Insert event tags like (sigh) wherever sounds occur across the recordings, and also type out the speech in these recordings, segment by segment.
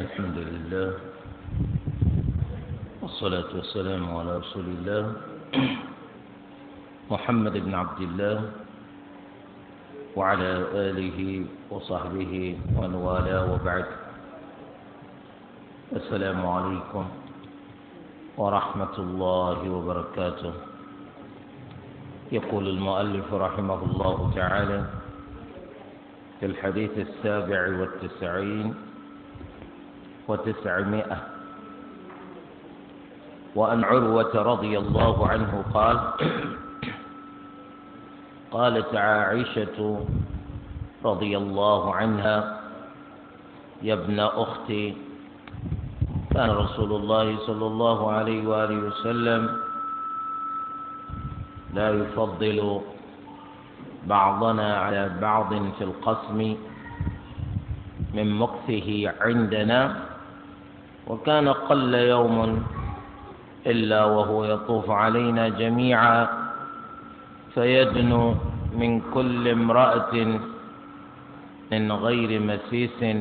الحمد لله والصلاة والسلام على رسول الله (clears throat) محمد بن عبد الله وعلى آله وصحبه ومن والاه وبعد السلام عليكم ورحمة الله وبركاته يقول المؤلف رحمه الله تعالى في الحديث السابع والتسعين وتسعمائة وأن عروة رضي الله عنه قال قالت عائشة رضي الله عنها يا ابن أختي كان رسول الله صلى الله عليه وآله وسلم لا يفضل بعضنا على بعض في القسم من مكثه عندنا وكان قل يوم إلا وهو يطوف علينا جميعا فيدنو من كل امرأة من غير مسيس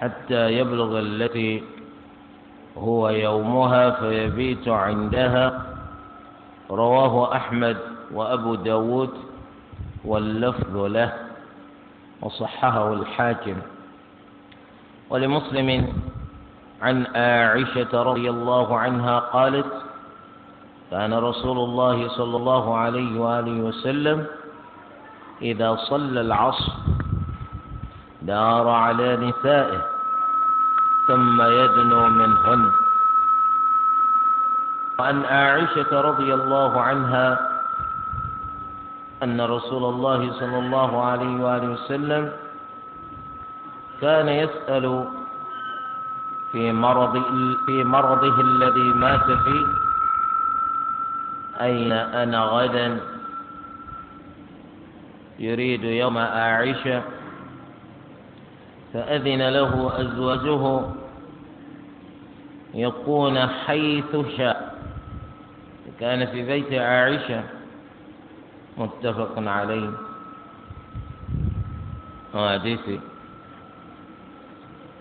حتى يبلغ التي هو يومها فيبيت عندها رواه أحمد وأبو داود واللفظ له وصححه الحاكم ولمسلم عن عائشة رضي الله عنها قالت كان رسول الله صلى الله عليه وآله وسلم إذا صلى العصر دار على نسائه ثم يدنو منهن وعن عائشة رضي الله عنها أن رسول الله صلى الله عليه وآله وسلم كان يسأل في مرض في مرضه الذي مات فيه أين أنا غدا يريد يوم أعيش فأذن له أزواجه يكون حيث شاء كان في بيت عائشة متفق عليه حديثي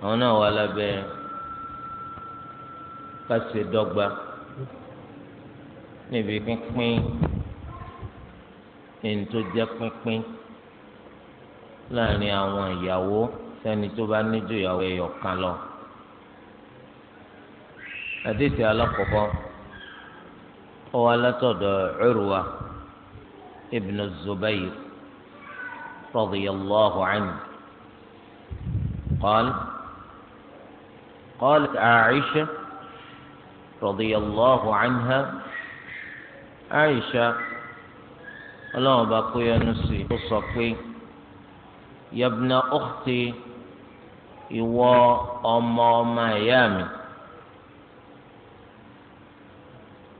هنا ولا بين ká ṣe dọ́gba níbi pínpín ẹni tó jẹ́ pínpín láàrin àwọn ìyàwó sẹ́ni tó bá níjú ìyàwó ẹyọ kan lọ. àdìsí alákọ̀ọ́kọ́ ó wá látọ̀dọ̀ Urwa ibn Zubayr radiyallahu anhu qala qalat Aisha. رضي الله عنها عائشة الله باقو يا نسي الصقي يا ابن أختي إوا أما ما يامي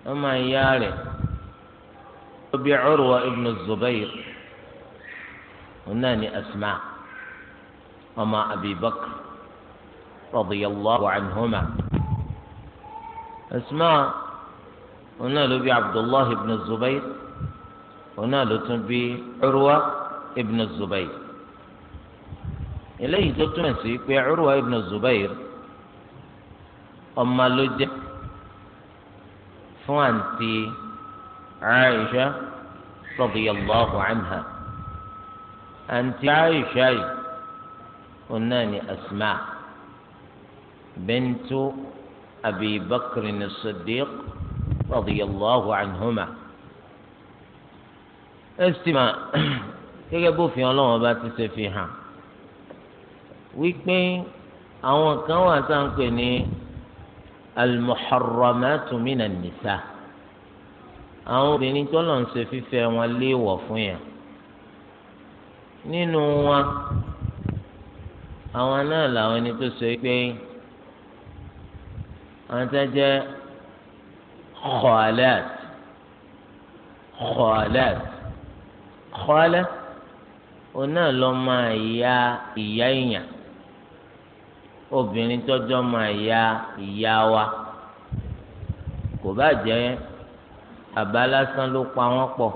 أما يالي أبي عروة ابن الزبير هناني أسمع أما أبي بكر رضي الله عنهما اسماء هنا لبي عبد الله بن الزبير هنا لتنبي عروة بن الزبير إليه تتنسي في عروة بن الزبير أما لج فانتي عائشة رضي الله عنها أنت عائشة هناني أسماء بنت أبي بكر الصديق رضي الله عنهما استماع gẹ́gẹ́ bó fi Ọlọ́run ọba ti ṣe fi hàn wípé àwọn kan wà tá à ń pè ní almuharramatu minan nisa àwọn obìnrin tó lọ ń ṣe fífẹ́ wọn léèwọ̀ fún yẹn nínú wọn àwọn náà làwọn ẹni tó ṣe pé àwọn tó jẹ́ kọ́ọ̀lẹ́t kọ́ọ̀lẹ́t kọ́ọ̀lẹ́ òun náà lọ máa ya ìyá èèyàn obìnrin tọ́jọ́ máa ya ìyá wa kò bá jẹ́ bàbá lásán ló pa wọ́n pọ̀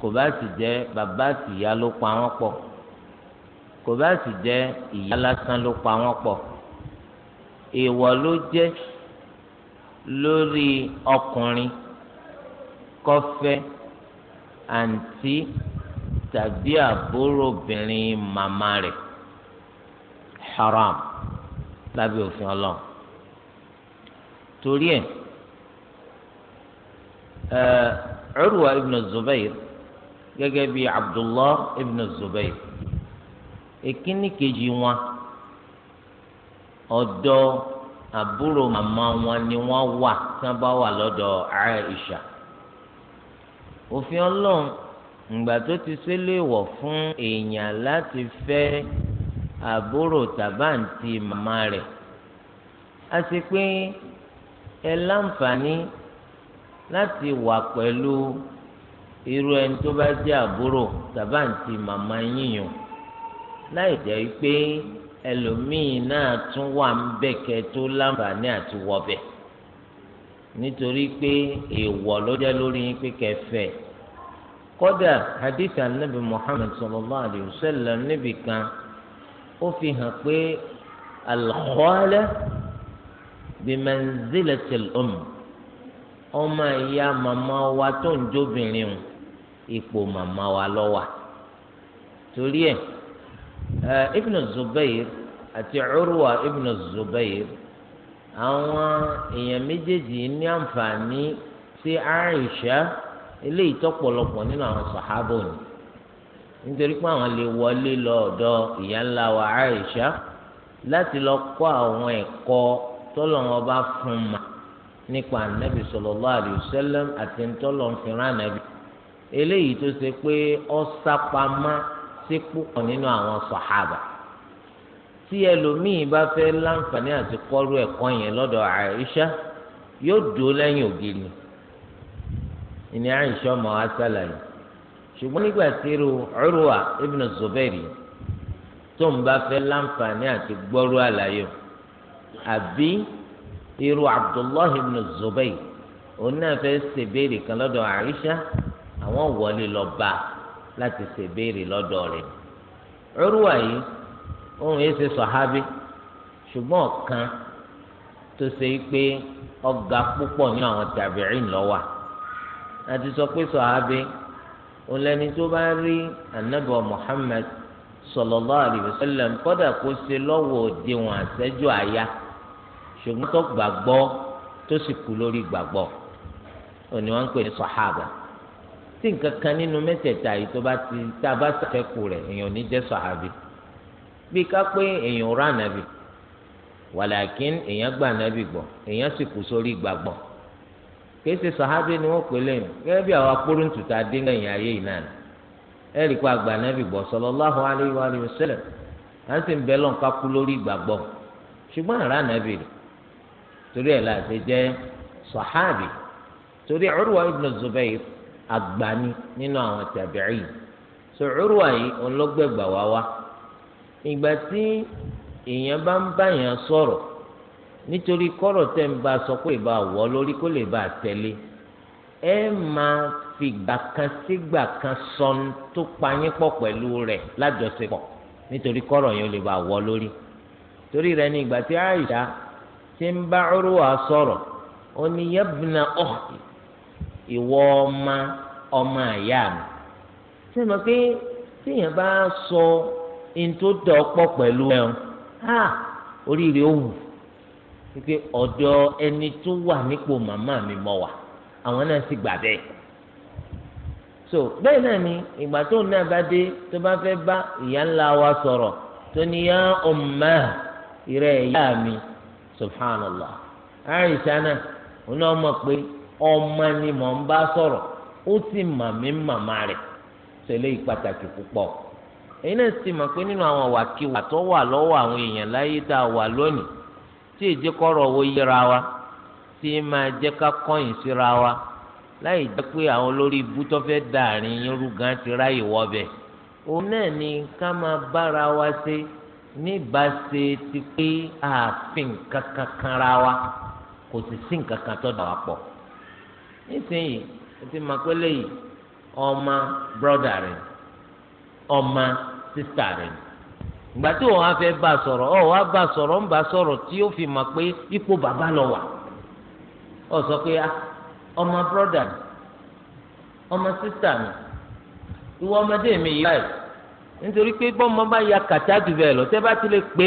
kò bá sì jẹ́ bàbá àtìyá ló pa wọ́n pọ̀ kò bá sì jẹ́ ìyá lásán ló pa wọ́n pọ̀ èèwọ̀ ló jẹ́ lórí ọkùnrin kọfẹ́ àǹtí tàbí àbúrò obìnrin màmá rẹ̀ haram lábẹ́ òfin ọlọ́run torí ẹ̀ Urwa ibn Zubair gẹ́gẹ́ bíi Abdullah ibn Zubair èkíní kejì wọn. Ọdọ àbúrò màmá wọn ni wọn wà tí bá wà lọ́dọ̀ Aisha òfin Ọlọ́run ìgbà tó ti ṣẹlẹ̀ fún èèyàn láti fẹ́ àbúrò tàbáǹtì màmá rẹ̀ a sì pé ẹ láǹfààní láti wà pẹ̀lú irú ẹni tó bá jẹ́ àbúrò tàbáǹtì màmá yíyan láì jẹ́ pé. ẹlòmíì náà tún wà ń bẹ kẹ tó láǹfààní àti wọbẹ nítorí pé èèwọ̀ ló jẹ́ lórí yín pé kẹfẹ́ kódà hadith anabi muhammed sallallahu alayhi wa sallam níbi kan ó fi hàn pé alxọ́lẹ́ bimanzilatil um ọmọ ìyá màmá wa tó ń jóbìnrin ipò màmá ibn zubair àti urwa ibn zubair àwọn èèyàn méjèèjì ní àǹfààní sí aisha eléyìí tọ́pọ̀lọpọ̀ nínú àwọn sàhábò ni nítorí pé àwọn lè wọlé lọ ọ̀dọ̀ Lati ńlá wa aisha láti lọ kọ́ àwọn ma anabi sallallahu alaihi wasallam àti sí púpọ̀ nínú àwọn sàhábà tí ẹlòmíì bá fẹ́ láǹfààní àti kọ́rú ẹ̀kọ́ yẹn lọ́dọ̀ Àìṣà yóò dúró lẹ́yìn ògiri ìní Àìṣà ọmọ wa sálàyé ṣùgbọ́n nígbà tí irú Urwa ibn Zubairi tó ń bá fẹ́ láǹfààní àti gbọ́rú àlàyé àbí irú Abdullahi ibn Zubairi òun náà fẹ́ ṣèbéèrè kan lọ́dọ̀ Àìṣà àwọn wọlé lọ láti ṣe béèrè lọ́dọ̀ rẹ̀ Urwa yìí òun yìí ṣe sọ̀hábí ṣùgbọ́n kan tó ṣe pé ọ̀gá púpọ̀ nínú àwọn tàbíìn lọ́wà àti sọ pé sọ̀hábí òun lẹni tó bá rí anábọ̀ Muhammad sallallahu alaihi wasallam kódà kó ṣe lọ́wọ́ òdiwọ̀n àṣẹ́jú àyà ṣùgbọ́n tó gbàgbọ́ tó sì kú lórí gbàgbọ́ òní wọ́n ń pè ní sọ̀hábà. tí nǹkan kan nínú mẹ́tẹ̀ẹ̀ta yìí tó bá ti tá a bá sàfẹ́kù rẹ̀ èèyàn ò ní jẹ́ sọ̀hábì bí ká pé èèyàn rà nàbì wàlàkín èèyàn gbà nàbì èèyàn sì kù sórí ṣe sọ̀hábì ni wọ́n pè lẹ́yìn gẹ́gẹ́ bí àwọn akpóròǹtùtà dé lẹ́yìn ayé yìí náà ẹ rí i pé àgbà nàbì gbọ́ sallallahu alaihi agbani nínú àwọn tàbí'ì so Urwa yìí òun ló gbẹ̀gbà wá wá ìgbà tí èèyàn bá ń báyàn sọ̀rọ̀ nítorí kọ́rọ̀ tẹ́ ń bá sọ pé ìbá wọ́ lórí kó lè bá tẹ̀lé ẹ máa fìgbà kan sígbà kan sọnù tó payín pọ̀ pẹ̀lú rẹ̀ nítorí kọ́rọ̀ yẹn ó lè bá wọ́ lórí torí rẹ̀ ní ìgbà tí Àìṣà ti ń bá Urwa sọ̀rọ̀ ó ní ìwọ ọmọ ọmọ àyà mi ṣé mo pé téèyàn bá sọ ní tó dọ̀ ọ́pọ̀ pẹ̀lú ẹ̀ ọ́n oríire ó wù pé ọ̀dọ̀ ẹni tó wà nípò màmá mi mọ̀ wà àwọn náà sì gbà bẹ́ẹ̀ so bẹ́ẹ̀ náà ni ìgbà tó náà bá tó bá fẹ́ bá ìyá ńlá wa sọ̀rọ̀ tó ní yá ọmọ ìrẹ̀ ìyá mi subhanallah àìsàn náà òun náà mọ̀ pé ọmọ ni mò ń bá sọ̀rọ̀ ó sì mà mí màmá rẹ̀ tẹ́lẹ̀ pàtàkì púpọ̀ èyí náà sì mọ̀ pé nínú àwọn wàkiwà tó wà lọ́wọ́ àwọn èèyàn láyé tá a wà lónìí tí ìjẹ́kọ̀rọ̀ owó yíra wa tí máa jẹ́ ká kọ́yìn síra wa láì jẹ́ pé àwọn olórí ibú tó fẹ́ dàrin irú gan ti ráyè wọbẹ̀ òun náà ni ká máa bára wa ṣe níbaṣe ti pé ààfin kankan kanra wa kò sì sí nǹkan kan tó dà wá pọ̀. nísìnyí o ti mọ̀ pé léyìí ọmọ brọ́dà ọmọ sísà rẹ̀ ìgbà tí òun á fẹ́ bá a sọ̀rọ̀ ọ̀ wá bá a fi mọ̀ pé ipò bàbá lọ wà ọ sọ pé ah, ọmọ brọ́dà mi ọmọ sísà mi ìwọ ọmọdé mi yìí báyìí nítorí pé bọ́mọ bá ya kacha bẹ́ẹ̀ lọ tẹ́ bá ti lè pè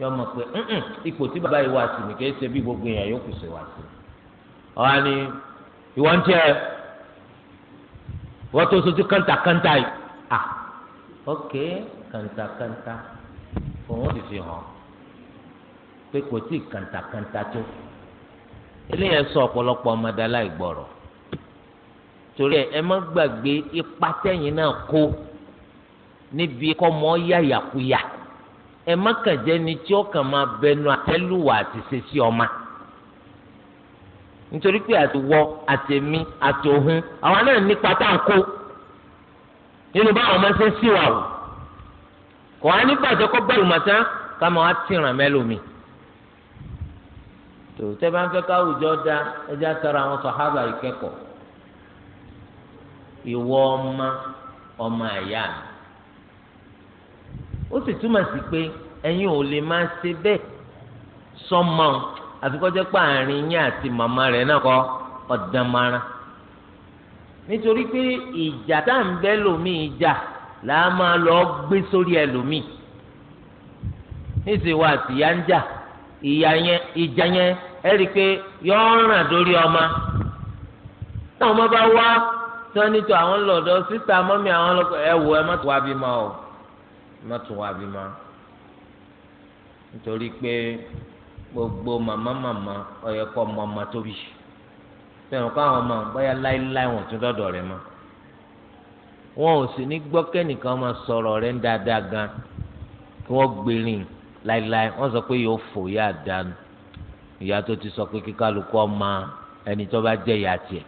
yọ mọ̀ pé ipò tí bàbá yìí wà sí mi kìí ṣe bí gbogbo èèyàn yóò kù sí wà sí. ọ̀hán ni ìwọ ń jẹ́ wọ́n tó sojú kàńtàkàńtà yìí. ah ok kàńtàkàńtà òun ti fi hàn pé kò tí kàńtàkàńtà tó eléyẹn sọ ọ̀pọ̀lọpọ̀ ọmọdé aláìgbọ̀rọ̀ torí ẹ má gbàgbé ipa tẹ́yìn náà kó níbi kọ́ mọ́ yáyàkuyà. Ya ẹ má kàn jẹ́ ni tí ó kàn máa bẹnu àtẹ́lùwà àti ṣèṣì ọma nítorí pé ati àtẹ̀mí àtòhun àwọn náà nípa tá kó nínú báwọn o kò wá ní bàjẹ́ kó bẹ̀rù màtá ká máa wá tìràn mẹ́lòmí tòótẹ́ bá ń fẹ́ káwùjọ da ẹjẹ́ àtàrà àwọn sọ̀hábà ìkẹ́kọ̀ọ́ ìwọ ọmọ ọmọ àyà mi. ó sì túmọ̀ sí pé ẹ̀yin ò lè máa ṣe bẹ́ẹ̀ sọmọ àfikọ́jẹ́ pé àárín yín àti màmá rẹ̀ náà kọ́ ọ̀dàn mara nítorí pé ìjà tá à ń bẹ́ lòmíì jà là á máa lọ gbé sórí ẹlòmíì níṣẹ́ wa ya ń jà ìjà yẹn ẹ rí i pé yọ ràn dórí ọmọ táwọn ọmọ bá wá àwọn lọ́dọ̀ sísá o. mọ́tò wá bí ma nítorí pé gbogbo màmá màmá ọ̀yẹ́ kọ́ mọ ọmọ tóbi fẹ́ràn káwọn ọmọ bóyá láéláé wọn tún dọ́dọ̀ rẹ̀ mọ́ wọn ò sì ní gbọ́ kẹ́nìkan máa sọ̀rọ̀ rẹ̀ ń dáadáa gan kí wọ́n gbèrín láéláé wọ́n sọ pé yóò fò yá àdánù ìyá tó ti sọ pé kíkálukú ọmọ ẹni tó bá jẹ́ ìyá tiẹ̀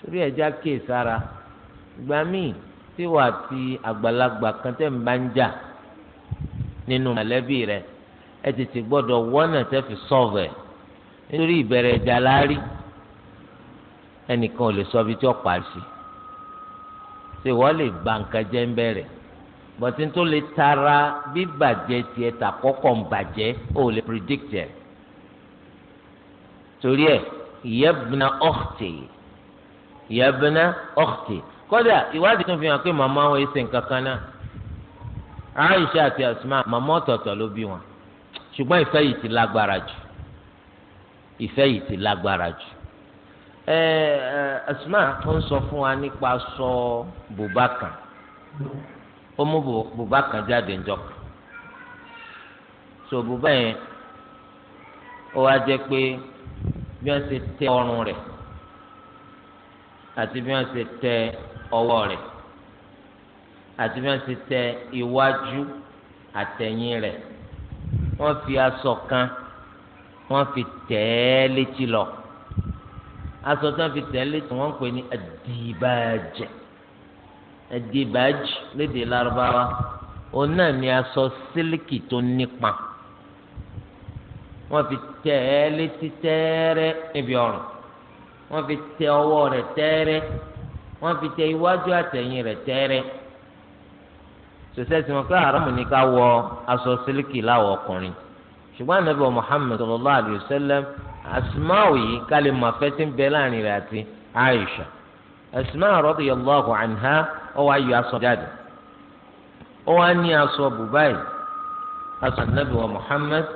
torí ẹ̀já kéè sára ìgbà míì tí wà á ti àgbàlagbà kan tẹ̀ ń bá ń jà nínú mọ̀lẹ́bí rẹ̀ ẹ tètè gbọ́dọ̀ wọ́nà tẹ́ fi sọ̀vẹ̀ nítorí ìbẹ̀rẹ̀ ìjà láárí ẹnìkan ò lè sọ ibi tí ó parí sí ṣé wọ́n lè ba nǹkan jẹ́ ń bẹ̀rẹ̀ bọ̀tí tó lè tara bíbàjẹ́ tiẹ̀ tà kọ́kọ́ ń bàjẹ́ ó lè predict ẹ̀ torí ẹ̀ yabna ukhti yabna ukhti kódà ìwádìí tún fi hàn pé màmá wọn ẹsẹ̀ nǹkan náà Aisha àti Asma màmá ọ̀tọ̀ọ̀tọ̀ ló bí wọn ṣùgbọ́n ìfẹ́ yìí ti lágbára jù ìfẹ́ yìí ti lágbára jù ẹ ẹ Asma ó ń sọ fún wa nípa sọ bùbákan ó mú bùbákan jáde ńjọkan so bùbá yẹn ó wá jẹ pé bí wọ́n ṣe tẹ ọrùn rẹ̀ àti bí wọ́n ṣe tẹ ọwọ́ rẹ̀ àti bí wọ́n ti tẹ iwájú àtẹ̀yìn rẹ̀ wọ́n fi aṣọ kan wọ́n fi tẹ̀ ẹ́ létí lọ aṣọ tí wọ́n fi tẹ̀ ẹ́ létí wọ́n ń pè ní adìbàjẹ́ adìbàjẹ́ lédè lárúbáwá òun náà ni aṣọ sílíkì tó nípa wọ́n fi tẹ̀ ẹ́ létí tẹ́ẹ́rẹ́ níbi ọrùn wọ́n fi tẹ ọwọ́ rẹ̀ tẹ́ẹ́rẹ́ wọ́n fi tẹ iwájú àtẹ̀yìn rẹ̀ tẹ́rẹ́ sọsẹ́sì wọn pé haramu ní ká wọ aṣọ sílíkì láwọ ọkùnrin ṣùgbọ́n anabi wa muhammed sallallahu alayhi wa sallam asma'u yìí kálí màfẹ́ tí láàrin rẹ̀ àti aisha asma'u radiyallahu anha ó wá yọ aṣọ jáde ó wá ní aṣọ bùbáì aṣọ anabi muhammed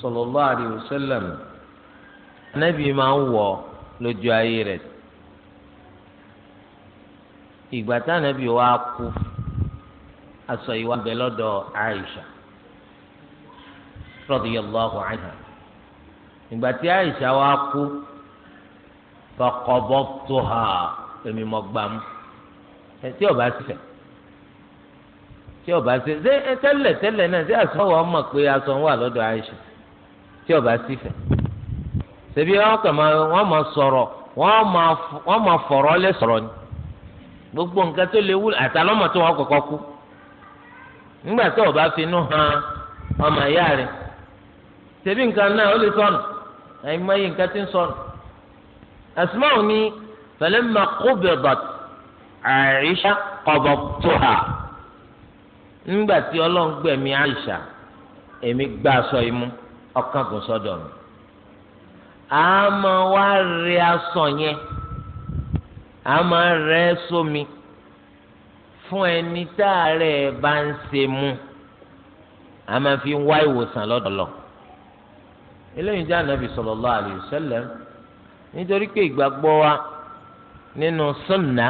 sallallahu alayhi anabi máa ń wọ lójú ayé rẹ̀ ìgbà tí ànábì wa kú aṣọ ìwà bẹ lọ́dọ̀ Aisha radiyallahu anha ìgbà tí Aisha wa kú faqabadtuha èmi mọ gbàmú ẹ tí ọba sífẹ tí ọba sífẹ ṣé tẹ́lẹ̀ tẹ́lẹ̀ náà ṣé àsọwọ ọmọ pé aṣọ wà lọ́dọ̀ Aisha tí ọba sífẹ ṣèbí wọn kàn máa wọn máa sọ̀rọ̀ wọn máa fọ̀rọ̀ lé sọ̀rọ̀ ni. gbogbo nǹkan tó lè wúlò àtàlọ́mọ tó wọn kọ̀kọ́ kú nígbà tó o bá finú han ọmọ ìyá rẹ tẹ̀bí nǹkan náà ó lè sọnù àìmọye nǹkan ti ń sọnù Asma'u ni falamma qubidat Aisha qabadtuha nígbà tí ọlọ́run gbẹ̀mí Aisha èmi gbà aṣọ imú ọkàn kò sọ́dọ̀ mi àmọ́ wàá rí aṣọ yẹn a máa rẹ sómi fún ẹni tá a rẹ̀ bá ń ṣe mu a máa fi wá ìwòsàn lọ́dọọlọ eléyìí jẹ́ ànábì sallallahu alayhi wa sallam nítorí pé ìgbàgbọ́ wa nínú sunna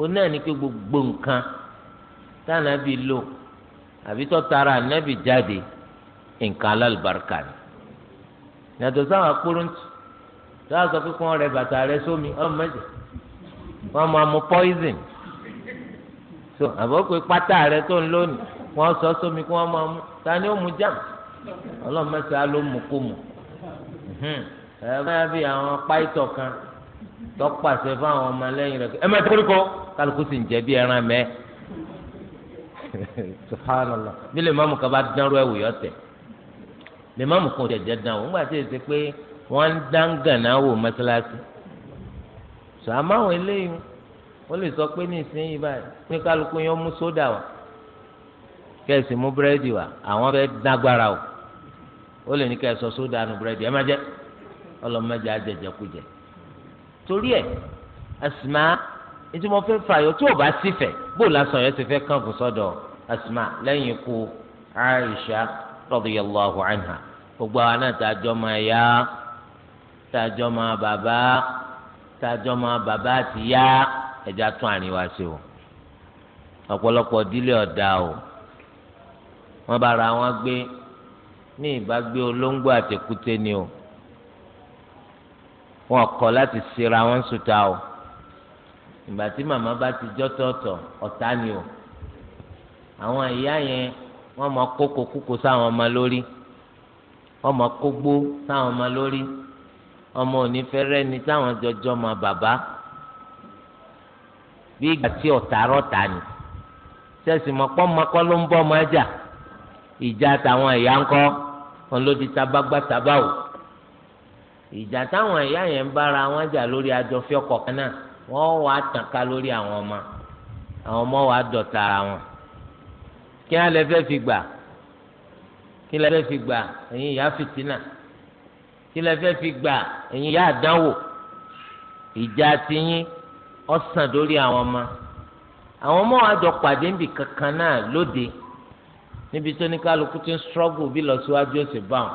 ó náà ní pé gbogbo nǹkan tá ànábì lò àbí tó tara ànábì jáde nǹkan alálùbáríkà ni yàtọ̀ sáwọn akpọ́rọ́ntì tó a sọ pé kí wọ́n rẹ bàtà rẹ sómi ọlọ́mọdé wọ́n máa mu poison so àbọ̀pẹ̀ pátá rẹ tó ń lónìí wọ́n sọ sómi kí wọ́n máa mu ta ni ó mu jam ọlọ́mọ̀sá ló mu kó mu ẹ báyà bí àwọn páìtọ̀ kan tọ́pàṣẹ fáwọn ọmọlẹ́yìn rẹ ẹ má torí kọ́ kálukú sì ń jẹ́ bí ẹran mẹ́ (laughs) subhanallah bí lè máàmù kan bá dánrú ẹ̀wù yọ tẹ̀ lè máàmù kan ò jẹ̀jẹ̀ dán o ńgbà tí èsì pé wọ́n ń dán gànáwó mọ́sálásí sọ àmọ́ àwọn eléyìí wọ́n lè sọ pé ní ìsinyìí báyìí pé kálukú yẹn mú sódà wá kẹ́sì mú búrẹ́dì wá àwọn fẹ́ dágbára o ó lè ní kẹ́ ẹ sọ sódà nu búrẹ́dì ẹ má jẹ ọlọ́mọdé ajẹjẹkújẹ torí ẹ àsìmá ètò mo fẹ́ fààyò tí ò bá sí fẹ̀ bó lásán yẹn ti fẹ́ kàn fún sọ́dọ̀ àsìmá lẹ́yìn ikú Aisha radiyallahu anha gbogbo àwọn náà tá a jọ máa bàbá tájọ́ máa bàbá àti yá ẹja tún àárín ṣe o ọ̀pọ̀lọpọ̀ dílé ọ̀dà o wọ́n bá ra wọn gbé ní ìbágbé olóńgbò àtẹkùtẹ ni o wọn kọ̀ láti ṣera wọn sùtà o ìgbà tí màmá bá ti jọ́tọ̀ọ̀tọ̀ ọ̀tá ni o àwọn ìyá yẹn wọ́n máa kókó kúkó sáwọn ọmọ lórí wọ́n máa kógbó sáwọn ọmọ lórí ọmọ òní fẹ́ rẹ́ni táwọn jọjọ́ ma bàbá bí ìgbà tí ọ̀tá rọ̀tà ni sẹ́sì mọ̀ pọ́nmọ́kọ́ ló ń bọ́ ọmọ ẹja ìjà táwọn ẹ̀yà ń kọ́ wọn ló di tabagbá tabáwò ìjà táwọn ẹ̀yà yẹn ń bára wọn jà lórí àjọfẹ́ kọ̀ọ̀kan náà wọ́n wà á tàn ká lórí àwọn ọmọ àwọn ọmọ wà á ara wọn kí á fẹ́ fi gbà kí lè fẹ́ fi gbà ẹ̀yin ìyá fìtínà kí lẹ fẹ́ fi gbà ẹ̀yin yá àdánwò ìjà tiyín ọ̀sán dórí àwọn ọmọ àwọn ọmọ wa jọ pàdé níbi kankan náà lóde níbi tó ní kálukú ti ń struggle bí lọ síwájú ó sì bá wọn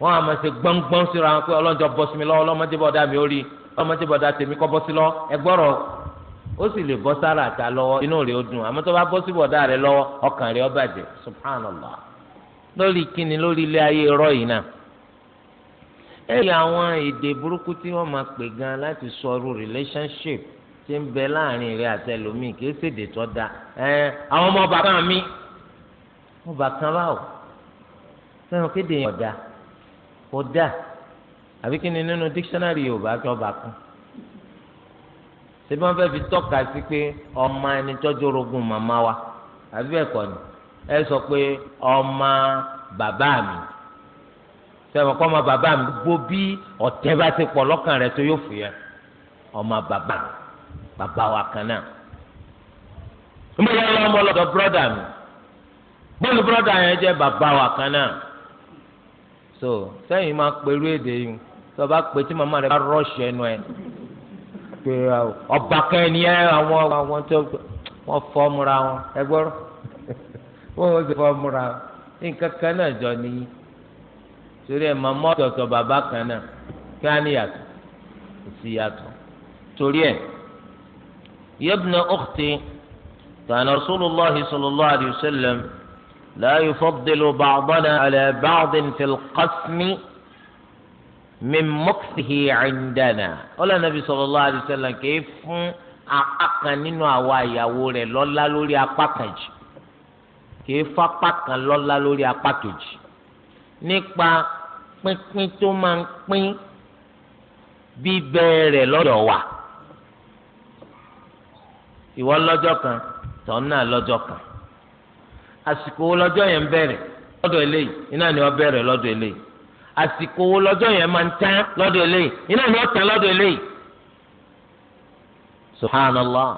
wọn àmọ́ ṣe gbọ́ngbọ́n síra wọn pé ọlọ́njọ́ bọ́ sí mi lọ́wọ́ ọlọ́mọdé bọ́dá mi ó rí ọlọ́mọdé bọ́dá tèmi kọ́ bọ́ sí lọ ẹgbọ́rọ̀ ó sì lè bọ́ sára àta lọ́wọ́ inú rẹ̀ ó dùn àmọ́ tó bá bọ́ sí bọ́dá rẹ̀ lọ́wọ́ ọkàn rẹ̀ ó bàjẹ́ subhanallah lórí kíni lórí ilé ayé rọ́ yìí náà ẹ̀rí àwọn èdè burúkú tí wọ́n máa pè gan láti sọ̀rọ̀ relationship ti ń bẹ láàrin rẹ àti ẹlòmíì kì í ṣèdè tó da ẹ àwọn ọmọ ọba kan mi ọba kan báwò sẹ́wọ̀n kéde yẹn ọ̀dà ọ̀dà àbí kí ni nínú dictionary yorùbá kí ọba kan ṣé bí wọ́n fẹ́ fi tọ́ka sí pé ọmọ ẹni tọ́jú orogún màmá wa àbí bẹ́ẹ̀ kọ́ ni ẹ sọ pé ọmọ bàbá mi sẹ́wọ̀n kọ́ ọmọ bàbá mi gbó bí ọ̀tẹ́ bá ti pọ̀ lọ́kàn rẹ̀ tó yóò fìyà ọmọ bàbá bàbá wa kan náà. nígbà ọmọ lọ́dọ̀ bírọ́dà mi bọ́ọ̀lù bírọ́dà yẹn jẹ́ bàbá wa kan náà. so sẹ́yìn máa pẹ̀lú èdè yìí tó o bá pè tí màmá rẹ bá rọ́ọ̀ṣì ẹnu ẹ̀ pé ọba kan ẹni ẹ àwọn àwọn tó wọ́n fọ́ ọmúra wọn ẹ (laughs) wọ́n ò sì fọ́ ọmúra nǹkan kan náà jọ nìyí torí ẹ̀ màmá ọ̀tọ̀ọ̀tọ̀ bàbá kan náà kí á ní yàtọ̀ kò sí yàtọ̀ torí ẹ̀ yabna ukhti kana rasulullah sallallahu alayhi wa sallam la yufaddilu ba'dana ala ba'din fil qasmi min mọ́kìtì àìndànà ọlọ́run nàbí sallallahu alaihi wasallam kìí fún apá kan nínú àwa ìyàwó rẹ̀ lọ́lá lórí apá kejì kìí fún apá kan lọ́lá lórí apá kejì nípa pínpín tó máa ń pín bíbẹ rẹ̀ lọ́dọ̀ wà ìwọ lọ́jọ́ kan tọ́ náà lọ́jọ́ kan àsìkò wo lọ́jọ́ yẹn bẹ̀rẹ̀ lọ́dọ̀ eléyìí iná ni wọ́n bẹ̀rẹ̀ lọ́dọ̀ eléyìí àsìkò wo yẹn máa ń lọ́dọ̀ eléyìí iná ni wọ́n lọ́dọ̀ eléyìí subhanallah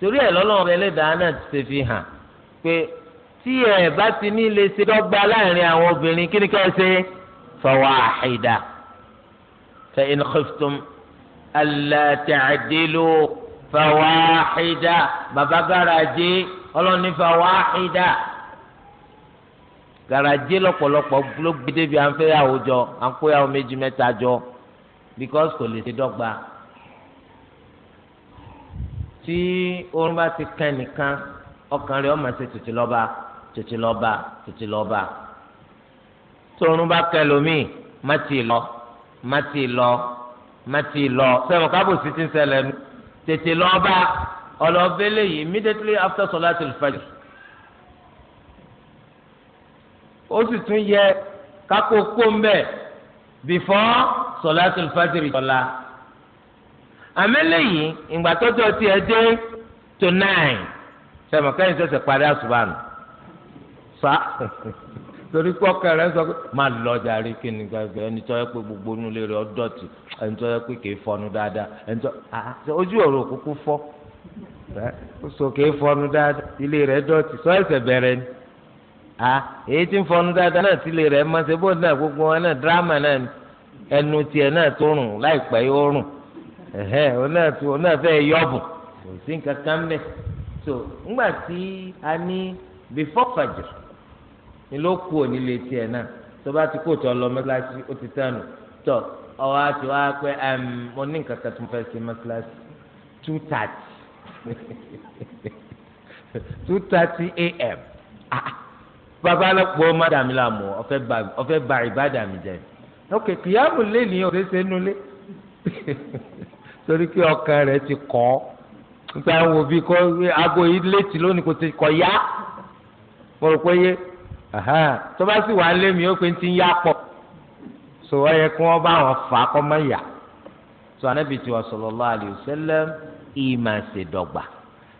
torí ẹ̀ lọ́lọ́run ẹlẹ́dàá náà ti fi hàn pé tí ẹ bá ti ní lè ṣe dọ́gba láàrin àwọn obìnrin kí ni ká ṣe fawahida fa in khiftum alla ta'dilu fawahida bàbá garaje ọlọ́ni fawahida garaje lọ́pọ̀lọpọ̀ ló gbédè bí à ń fẹ́ yàwó jọ à ń kó yàwó méjì mẹ́ta jọ because kò lè ṣe dọ́gba tí orun bá ti kẹ́ nìkan ọkàn rẹ̀ ọmọ ṣe tètè lọ́ba tètè lọ bá tètè lọ bá tòrun bá kẹlòmíì má ti lọ má ti lọ má ti lọ sẹ́wọ̀n kábòsí ti ń ṣẹlẹ̀ nu tètè lọ bá ọlọ́bẹ̀lẹ̀ yìí immediately after solatul fajr ó sì tún yẹ kákó kó ń bẹ̀ before solatul fajr ìjọla àmẹ́lẹ̀ yìí ìgbà tọ́jọ́ tiẹ̀ dé to nine sẹ́wọ̀n kẹ́yìn sẹ̀sẹ̀ parí àṣùbà sá torí pé ọkàn rẹ sọ pé má lọ jàre kí ni gbàgbé ẹni tó yẹ pé gbogbo inú lè rẹ ọ dọ̀tí ẹni tó yẹ pé kì í fọnu dáadáa ẹni tó ah, ojú ọ̀rọ̀ òkúkú fọ́ ó sọ kì í fọnu dáadáa ilé rẹ dọ̀tí sọ ẹsẹ̀ bẹ̀rẹ̀ ni ah, èyí tí ń fọnu dáadáa náà tilé rẹ má ṣe bóun náà gbogbo wọn náà dírámà náà ẹnu tiẹ̀ náà tó rùn láìpẹ́ yóò rùn òun náà fẹ́ yọ̀bùn kò sí nǹkan kan mẹ́ so ńgbà tí a ní before fajr ni ló kú òní lè tiẹ̀ náà tó bá ti kó tọ́ lọ mọ́sálásí ó ti tánu tọ́ ọwọ́ àti wá pé mo ní nǹkan kan tó fẹ́ ṣe mọ́sálásí two thirty (laughs) two thirty a.m. Ah, ah. bàbá alápò mádàmí là mọ̀ ọ̀fẹ́ bá ìbàdàn mi jẹ́ ok kìyàmù lé ní òṣèṣe nulẹ̀ torí pé ọkàn rẹ̀ ti kọ́ ọ́ nígbà wo bí kò aago yìí létí lónìí kò ti kọ̀ yá mo rò pé yé tó bá sì wà lé mi ó pé ti ń yá pọ̀ so ọ yẹ kí wọ́n bá wọn fà á kọ́ mọ́ yà so anábì tí wọ́n sallallahu alaihi wasallam ìmà ṣe dọ́gba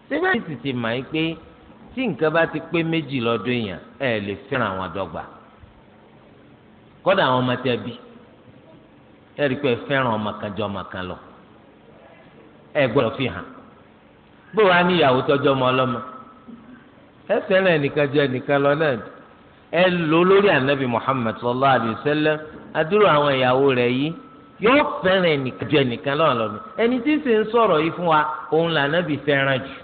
síbẹ̀ ní títí mà yí pé tí nǹkan bá ti pé méjì lọ́dún èèyàn ẹ lè fẹ́ràn àwọn dọ́gba kọ́dà àwọn ọmọ tẹ́ bí ẹ rí i pé fẹ́ràn ọmọ kan jọ ọmọ kan lọ ẹ gbọ́dọ̀ fi hàn bó wàá tọ́jú ọmọ ọlọ́mọ ẹ fẹ́ràn ẹnìkan jọ ẹnìkan lọ náà ẹ lò lórí anabi muhammed sallallahu alayhi wa sallam adúrò àwọn ìyàwó yi yìí yóò fẹ́ràn ẹnìkan ju ẹnìkan lọ́wọ́ lọ́nu ẹni tí sì ń sọ̀rọ̀ yìí fún wa òun là anabi fẹ́ràn jù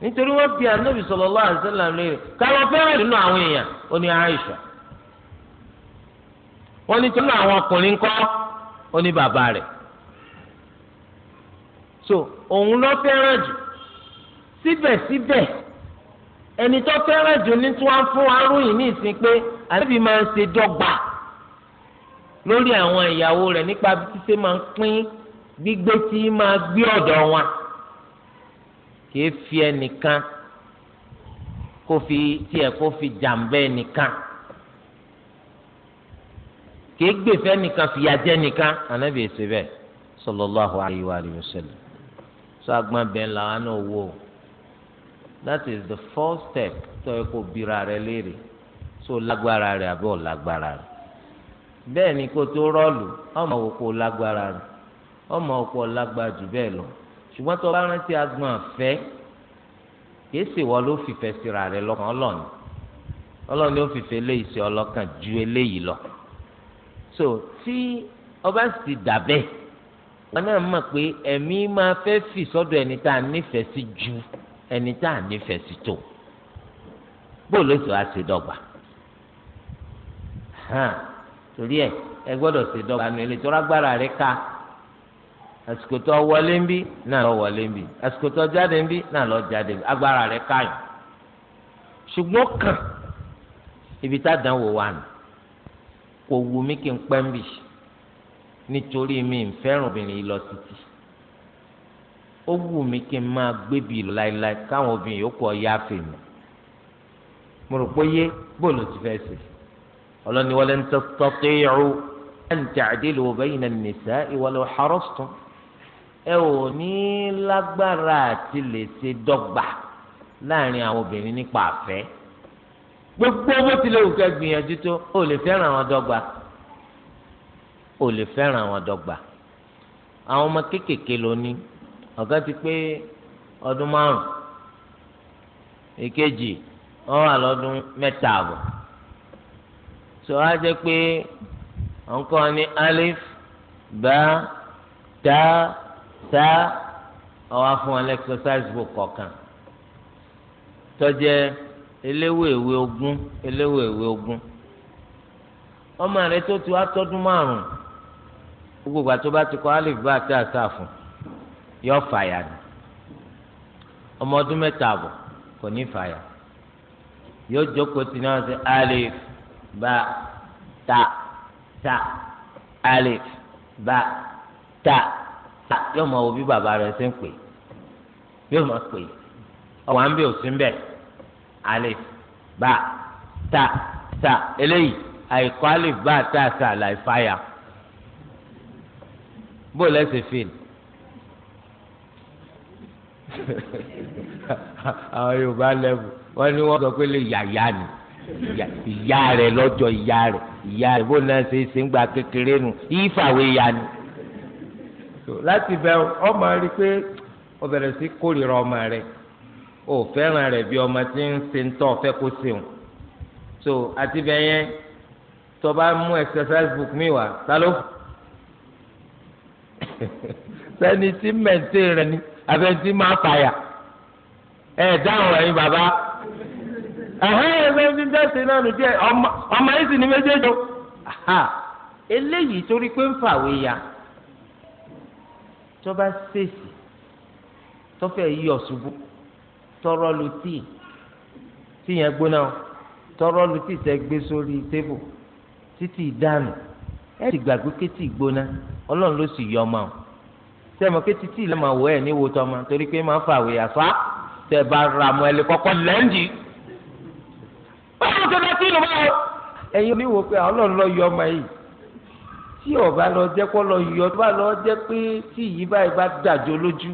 nítorí wọ́n bi anabi sallallahu alayhi wa sallam léèrè káwọn fẹ́ràn nínú àwọn èèyàn ó aisha wọ́n ní àwọn ọkùnrin ó ní bàbá so òun lọ fẹ́ràn jù síbẹ̀síbẹ̀. ẹni tó fẹ́ràn jù ní tí wọ́n fún arúyìn ní ìsìn pé ànábì máa ń ṣe dọ́gba lórí àwọn ìyàwó rẹ̀ nípa bí ṣe máa ń pín gbígbé tí máa gbé ọ̀dọ̀ wọn kìí fi ẹnìkan kó fi tiẹ̀ kó fi jàǹbá ẹnìkan kìí gbèfẹ́ nìkan fìyà jẹ nìkan ànábì èsì bẹ́ẹ̀ sallallahu alayhi wa sallam sọ agbọn bẹ́ẹ̀ làwọn náà wò ó that is the first step tó yẹ kó bira rẹ léèrè so lágbára rẹ àbí ọ̀lágbára rẹ bẹ́ẹ̀ ni kó tó rọ́ọ̀lù ọmọ òkú lágbára rẹ ọmọ òkú ọ̀lágbára jù bẹ́ẹ̀ lọ ṣùgbọ́n tó bá rántí agbọ̀n àfẹ́ kìí sì wọ́n ló fìfẹ́ síra rẹ lọ́kàn ọlọ́ọ̀ni ọlọ́ọ̀ni ó fìfẹ́ eléyìí sí ọlọ́kàn ju eléyìí lọ so tí ọba sì dà bẹ́ẹ̀ wọn náà mọ̀ pé ẹ̀mí máa fẹ́ fì sọ́dọ̀ ẹni tá a nífẹ̀ẹ́ sí ju ẹni tá à nífẹ̀ẹ́ sí tó bóòlù ló sì wá ṣe dọ́gba torí ẹ ẹ gbọ́dọ̀ ṣe dọ́gba nu ilé tọ́ra gbára rẹ ká àsìkò tó wọlé ń bí náà lọ wọlé ń bí àsìkò tó jáde ń bí náà lọ jáde agbára rẹ káyọ̀ ṣùgbọ́n kàn ibi tá a dán wò wà nù kò wù mí kí n pẹ́ ń bì nítorí mi ń fẹ́ràn obìnrin lọ títí ó wù mí kí n máa gbébi láéláé káwọn obìnrin yòókù ọ̀yá fèmí mo rò pé yé bóòlù ti fẹ́ sè ọlọ́ni wọlé ń tọ́tọ́tẹ́rù ẹ̀ ń tàdílù bayna an-nisa'i walaw harastum ẹ ò ní lágbára àti lè ṣe dọ́gba láàrin àwọn obìnrin nípa àfẹ́ gbogbo bó tilẹ̀ wù kẹ́ gbìyànjú tó o lè fẹ́ràn àwọn dọ́gba o lè fẹ́ràn àwọn dọ́gba àwọn ọmọ kéékèèké lóní ọ̀gá ti pé ọdún márùn èkejì ọ wà lọ́dún mẹ́ta àbọ̀ sọ wá jẹ́ pé ọ̀nkọ́ ni alif bá tá tá ọwọ́ fún ọ̀lẹ́ exercise book kọ̀ọ̀kan tọ́jẹ́ eléwèéwé ogún eléwèéwé ogún ọmọ rẹ tó ti wá tọ́dún márùn gbogbo àti ọba ti kọ́ alif bá tá tá fún un yọ fàyà ni ọmọ ọdún mẹ́ta àbọ̀ kò ní fàyà yóò jókòó tí náà ṣe alif ba ta ta alif ba ta ta yóò mọ òbí bàbá rẹ̀ ṣe ń pè yóò mọ pè ọwọ́ à ń òsín bẹ̀ alif ba ta ta eléyìí àìkọ́ alif ba ta ta láì fàyà bó lẹ́sẹ̀ fèlè. (laughs) àwọn yorùbá lẹ́bù wọ́n ní wọ́n sọ pé lè yàyà ni ìyá rẹ̀ lọ́jọ́ ìyá rẹ̀ ìyá rẹ̀ bó náà ṣe ṣe ń gba kékeré nu ìfàwé ya ni. láti bẹ ọmọ rí pé ó bẹ̀rẹ̀ sí kórìíra ọmọ rẹ̀ ó fẹ́ràn rẹ̀ bí ọmọ tí ń ṣe ń tọ́ fẹ́ kó ṣeun. so àti bẹ yẹn tó bá mú exercise book mi wá ta ló (laughs) sẹ́ni tí mẹ̀ǹtẹ́ rẹ̀ ni. abẹ́ntí máa fàyà ẹ̀ dáhùn ẹ̀yin bàbá ẹ̀hẹ́n ẹ̀mí dẹ́sẹ̀ náà nù díẹ̀ ọmọ yìí sì ní méjèèjì eléyìí torí pé ń ya tó ṣèṣì tó fẹ́ tọrọ lu tíì tíì yẹn gbóná tọrọ lu tíì tẹ gbé sórí tébù títí dànù ti gbàgbé kétì gbóná ló sì yọ ọmọ àwọn. sẹ́mi kí títí ilé máa wọ ẹ̀ ní wo tọ́mọ torí pé máa ń fa àwòyà fa tẹ bá ra mọ ẹlẹ kọ́kọ́ lẹ́ǹdì. báwo ṣe bá tí ìlú báwo. ẹ̀yin oníwò pé àwọn ọlọ́run lọ yọ ọmọ yìí tí ọba lọ jẹ́ kó lọ yọ tó bá lọ jẹ́ pé tí ìyí báyìí bá dàjọ lójú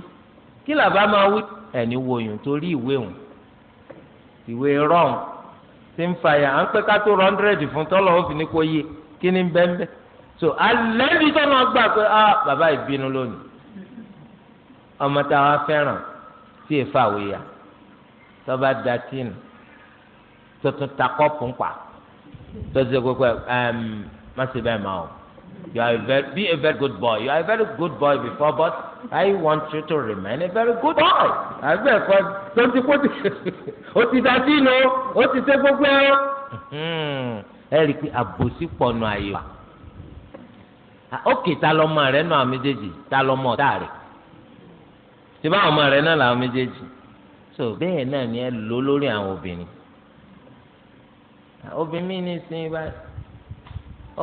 kí làbá máa wí. ẹni wo yùn torí ìwé òun ìwé rọrùn ti ń fa à ń pẹ́ ká tó rọ́ndrẹ́dì fún tọ́lọ̀ ó ní kó yé kí ni bẹ́ẹ̀ bẹ́ẹ̀ so alẹ́ mi tọ́nà gbà pé ah bàbá ìbínú lónìí ọmọ tá a wá fẹ́ràn tí èé fà wéyà tó bá da tíìnù tó tún ta kọ́ọ̀pù ń pa tó ṣe gbogbo ẹ̀ má ṣe bẹ́ẹ̀ máa o you are a very be a very good boy you are a very good boy before but I want you to remain a very good boy àgbẹ̀ ẹ̀kọ́ tó ti kó o ti da tíìnù o ti ṣe gbogbo ẹ̀ hmm, ẹ rí i pé àbòsí pọ̀ nù àyè wa ókè ah, ta lọ́mọ rẹ̀ nù àmì jèjì ta lọ́mọ ọ̀tá rẹ̀ tí bá àwọn ọmọ rẹ náà làwọn méjèèjì tó bẹ́ẹ̀ náà ni ẹ lò lórí àwọn obìnrin obìnrin ní sin ibà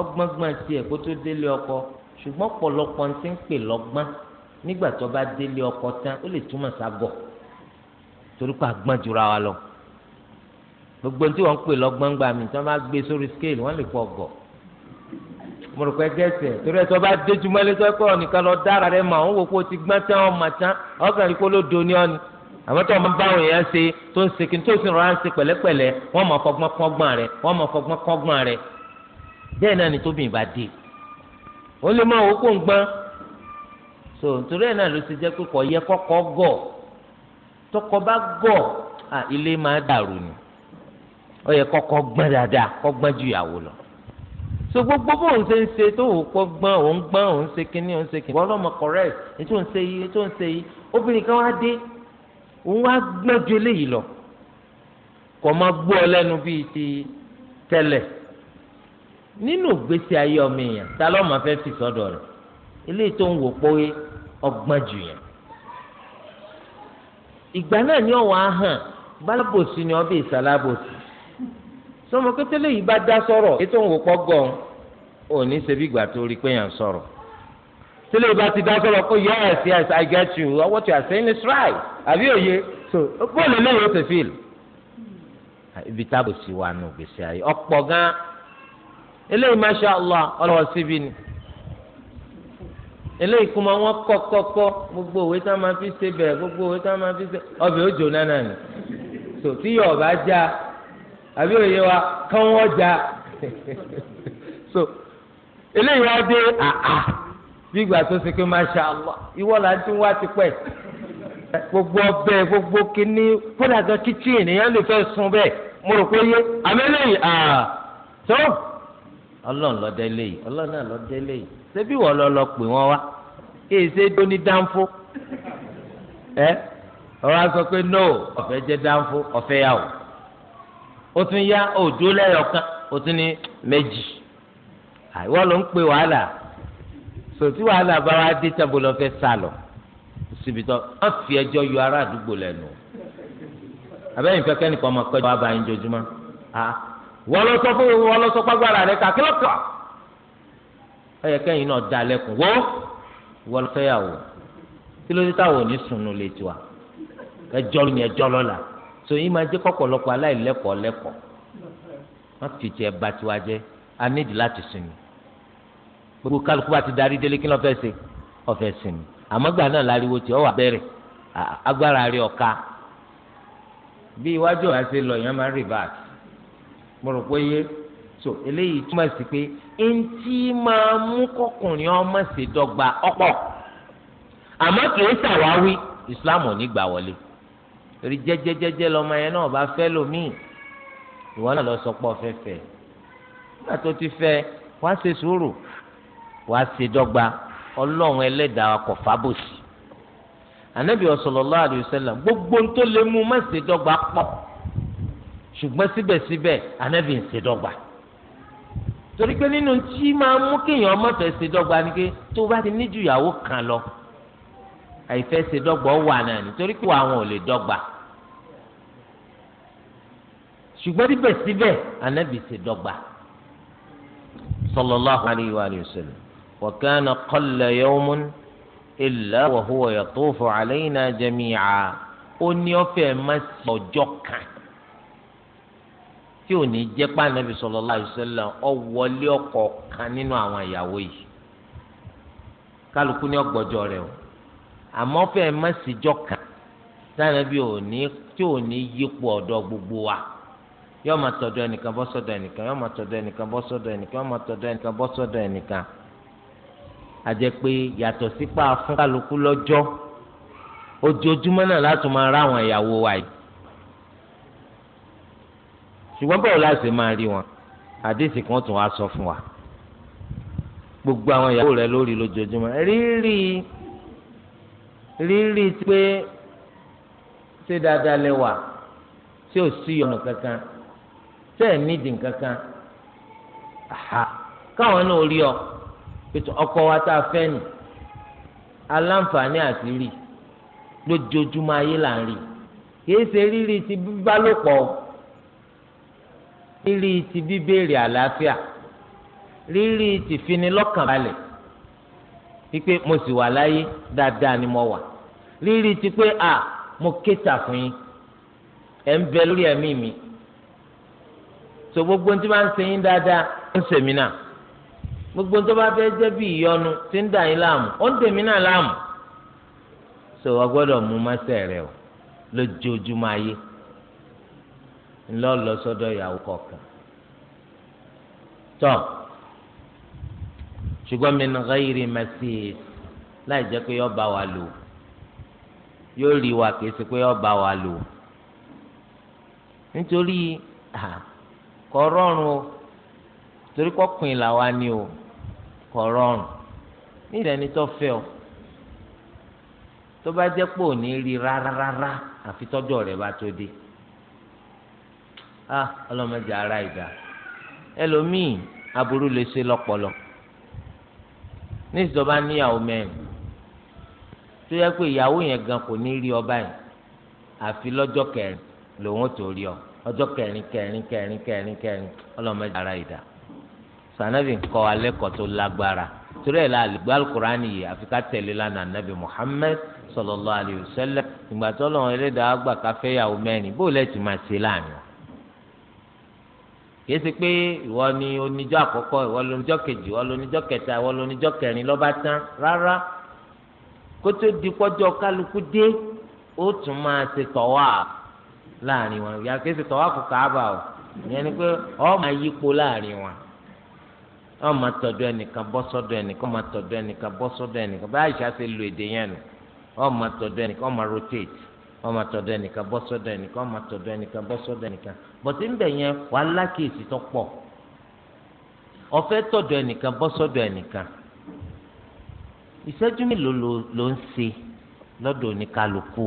ọgbọ́ngbọ́n tiẹ̀ kó tó délé ọkọ ṣùgbọ́n pọ̀lọpọ̀ ń ti ń pè lọ́gbọ́n nígbà tó bá délé ọkọ tán ó lè túmọ̀ ságọ̀ torí pé àgbọ́n jura wa lọ gbogbo tí wọ́n ń pè lọ́gbọ́n gbà tí wọ́n bá gbé sórí scale wọ́n lè pọ̀ gọ̀ọ́ mo ẹgbẹ́sẹ̀ pé gẹ́sẹ̀ torí ẹ̀sọ́ bá déjúmọ́ mọ́lẹ́ tó ẹ̀kọ́ nìkan lọ dára rẹ̀ mà ó wò kó ti gbọ́n tán ọ́ mà tán ló do ní àmọ́ tó ọmọ báwọn èèyàn ṣe tó ń sekin tó sì rọra ń pẹ̀lẹ́pẹ̀lẹ́ wọ́n mọ̀ fọgbọ́n kọ́gbọ́n wọ́n mọ̀ fọgbọ́n kọ́gbọ́n bẹ́ẹ̀ náà so ẹ̀ náà ló ti jẹ́ pé kò yẹ kọ́kọ́ gọ̀ tọkọ bá gọ̀ ilé máa dàrú ni ó yẹ kọ́kọ́ gbọ́n dáadáa kọ́gbọ́n ju ìyàwó so gbogbo bó ń ṣe ń ṣe tó ò pọ gbọ́n ò ń gbọ́n ò ń ṣe kínní ò ń ṣe kínní ọlọ́mọ correct ètò ń ṣe yìí ètò ń ṣe yìí obìnrin kan wá dé òun wá gbọ́n ju eléyìí lọ kò máa gbọ́ ọ lẹ́nu bíi ti tẹ́lẹ̀ nínú ìgbésí ayé ọmọ èèyàn ta lọ́mọ fẹ́ fi sọ́dọ̀ rẹ̀ eléyìí tó ń wò pé ọgbọ́n jù yẹn ìgbà náà ni ọ̀wọ́ á hàn bálábòsí ni ọbẹ̀ ìsàlábòsí sọmọ kékeré yìí bá dá sọ̀rọ̀ ètò òun kò pọ̀ gan òní ṣe bí ìgbà tó rí pé yàn sọ̀rọ̀ sílẹ̀ ìbá ti dá sọ̀rọ̀ pé yes yes i get you what you are saying is right àbí òye so bóòlù lẹ́yìn ó ti fíìlì ibi táàbù sí wa nù gbèsè ayé ọ̀pọ̀ gan eléyìí masha allah ọlọ́wọ́ síbi ni eléyìí kùmọ̀ wọn kọ́ kọ́kọ́ gbogbo òwe tá a máa fi ṣe bẹ̀rẹ̀ gbogbo òwe tá a máa fi ṣe ọbẹ̀ ó jóná náà ni so tí yọ̀ ọ̀bá já àbí òye wa kán wọ́n já (laughs) so eléyìí wá dé àhà bí ìgbà tó ṣe pé masha allah ìwọ là ń tún wá ti pẹ́ gbogbo ọbẹ̀ gbogbo kínní kódà gan kíchìn èèyàn lè fẹ́ sun bẹ́ẹ̀ mo rò pé yé àmẹ́lẹ́yìn àà tó ọlọ́run lọ́ọ́ délé yìí ọlọ́run náà lọ́ọ́ délé yìí ṣébí wọ́n lọ lọ pè wọ́n wá kí ṣe dóní dánfó ẹ ọ̀rọ̀ sọ pé no ọ̀fẹ́ jẹ́ dánfó ọ̀fẹ́ yà ó ó tún yá òjò lẹ́yọ̀kan ó tún ní méjì àìwọ́ ah, ló ń pe wàhálà sòtí wàhálà bá wa dé tábò lọ fẹ́ sá lọ síbi tó wọ́n fi ẹjọ́ yọ ará àdúgbò lẹ́nu abẹ́yìn fẹ́ kẹ́nìkan ọmọ pẹ́jọ́ wa bá yín jojúmọ́ ah, wọ́n lọ sọ fún wọn lọ sọ pàgbára rẹ kà kílọ̀kà ẹ kẹ́yìn náà da lẹ́kùn wọ́ wọ́n lọ fẹ́yàwó kí ló dé táwọn ò ní sùnú lè tiwa ẹjọ́ ni ẹjọ́ lọ́la sòyìn máa jẹ́ kọ́pọ̀lọpọ̀ aláìlẹ́kọ̀ọ́ lẹ́kọ̀ọ́ wọ́n fi tiẹ̀ bá tiwa jẹ́ a nídìí láti sinmi gbogbo kálukú bá ti darí délé kí ló fẹ́ ṣe ọ̀fẹ́ sinmi àmọ́ gbà náà láriwo tí ó wà bẹ̀rẹ̀ agbára rẹ̀ ọ̀ka bí iwájú ọ̀hún ṣe lọ yẹn máa ń rìbáàt mo rò pé yé so eléyìí túmọ̀ sí pé eŋti máa mú kọkùnrin ọmọ ṣèdọ́gba ọ̀pọ̀ àmọ́ kì í ṣàwáwí Islam ò ní gbà wọlé torí jẹ́jẹ́jẹ́jẹ́ lọ́mọ yẹn náà bá fẹ́ lómìn ìwọ náà lọ sọ pé nígbà tó ti fẹ́ wá ṣe sùúrù wàá ṣe dọ́gba ọlọ́run ẹlẹ́dàá kò fábòsì anabi sallallahu alayhi wa sallam gbogbo tó lè mú má ṣe dọ́gba pọ̀ ṣùgbọ́n síbẹ̀síbẹ̀ anabi ń ṣe dọ́gba torí pé nínú tí máa mú kéèyàn ọmọ fẹ́ ṣe dọ́gba ni pé tó bá ti níjú ìyàwó kan lọ àìfẹ́ ṣe dọ́gba ó wà náà pé àwọn ò lè dọ́gba ṣùgbọ́n síbẹ̀síbẹ̀ anabi ṣe dọ́gba sallallahu alayhi وكان قل يوم إلا وهو يطوف علينا جميعا oni ọfẹ ma si ọjọ́ anabi ọwọlé ọkọ kan nínú àwọn ìyàwó yìí kálukú ní o ma si jọka tí anabi ò ní yípo ọ̀dọ̀ gbogbo wa yọọ ma tọ̀dọ̀ ẹnìkan bọ́ sọ́dọ̀ ẹnìkan yọọ ma tọ̀dọ̀ ẹnìkan ka sọ́dọ̀ ẹnìkan yọọ ma ẹnìkan àjẹ pé yàtọ̀ sípà fún kálukú lọ́jọ́ ojoojúmọ́ náà láti máa rá àwọn ìyàwó wa yìí ṣùgbọ́n báwo la ṣe máa rí wọn àdéhìí kan tún wá sọ fún wa gbogbo àwọn ìyàwó rẹ lórí lójoojúmọ́ rírì rírì pé ṣé dáadáa lẹ́wà tí ò sí ọ̀nà kankan tẹ́ ẹ̀ nídìí kankan káwọn náà rí ọ pẹ̀tù ọkọ wa tá a fẹ́ nì aláǹfààní àti rí lójoojúmọ́ ayé là ń rí kìí ṣe rírì ti bíbá lò pọ̀ rírì ti bíbéèrè àlàáfíà rírì ti fini lọ́kàn balẹ̀ pípé mo sì wà láyé dáadáa ni mo wà rírì ti pé a mo kéta fún yín ẹ̀ ń bẹ lórí ẹ̀mí mi so gbogbo ohun tí wọ́n ń ṣe dáadáa ń ṣèmí náà gbogbo tó bá fẹ́ jẹ́ bí ìyọnu tí ń dà yín láàmú ó ń tèmi náà láàmú so wọ́n gbọ́dọ̀ mú mọ́sẹ̀ rẹ o lójoojúmọ́ ayé ńlọ lọ sọ́dọ̀ ìyàwó kọ̀ọ̀kan tọ́ ṣùgbọ́n mi nà gáyìrì màsí láì jẹ́ pé yọ́ bá wa lò yóò rí wa kìí ṣe pé yọ́ bá wa lò nítorí kọ́ rọrùn o torí kọ́ pin làwa ni o kọrọrùn ní ìdẹni tó fẹ́ ọ tó bá jẹ́ pé òní rí rárára àfi tọ́jọ́ rẹ̀ bá tó dé ah ọlọ́mọdé ara ìdá ẹlòmíì aburú lè ṣe lọ́pọlọ ní ìjọba níyàwó mẹ́rin tó yẹ pé ìyàwó yẹn gan kò ní rí ọba yìí àfi lọ́jọ́ kẹrin lòun ò tó rí ọ ọjọ́ kẹrin kẹrin kẹrin kẹrin kẹrin ọlọ́mọdé ara ìdá. sànàbì ńkọ́ alẹ́ kọ́ lagbara lágbára torí ẹ̀ la àlùgbò alukurani yìí àfi ká tẹ̀lé lánàá nàbì Muhammad sallallahu alayhi wa ìgbà tó yàwó bó ti máa ṣe kìí pé ni ìwọ kejì ìwọ kẹta ìwọ kẹrin lọba tán rárá kótó di kọjọ kálukú dé ó tún máa ṣe tọ́wà láàrin o ìyẹn ni ọ máa yípo láàrin wọn máa tọ̀dọ̀ ẹnìkan bọ́ sọ́dọ̀ ẹnìkan máa tọ̀dọ̀ ẹnìkan bọ́ sọ́dọ̀ ẹnìkan báyìí ṣáṣe lo èdè yẹn nù wọn máa tọ̀dọ̀ ẹnìkan wọn máa rotate wọn máa tọ̀dọ̀ ẹnìkan bọ́ sọ́dọ̀ ẹnìkan wọn máa tọ̀dọ̀ ẹnìkan bọ́ sọ́dọ̀ ẹnìkan bọtí ń bẹ yẹn wàá lákèésí tó pọ̀ ọfẹ tọ̀dọ̀ ẹnìkan bọ́ sọ́dọ̀ ẹnìkan ìṣẹ́jú mélòó ló ń ṣe lọ́dọ̀ oníkàlùkù?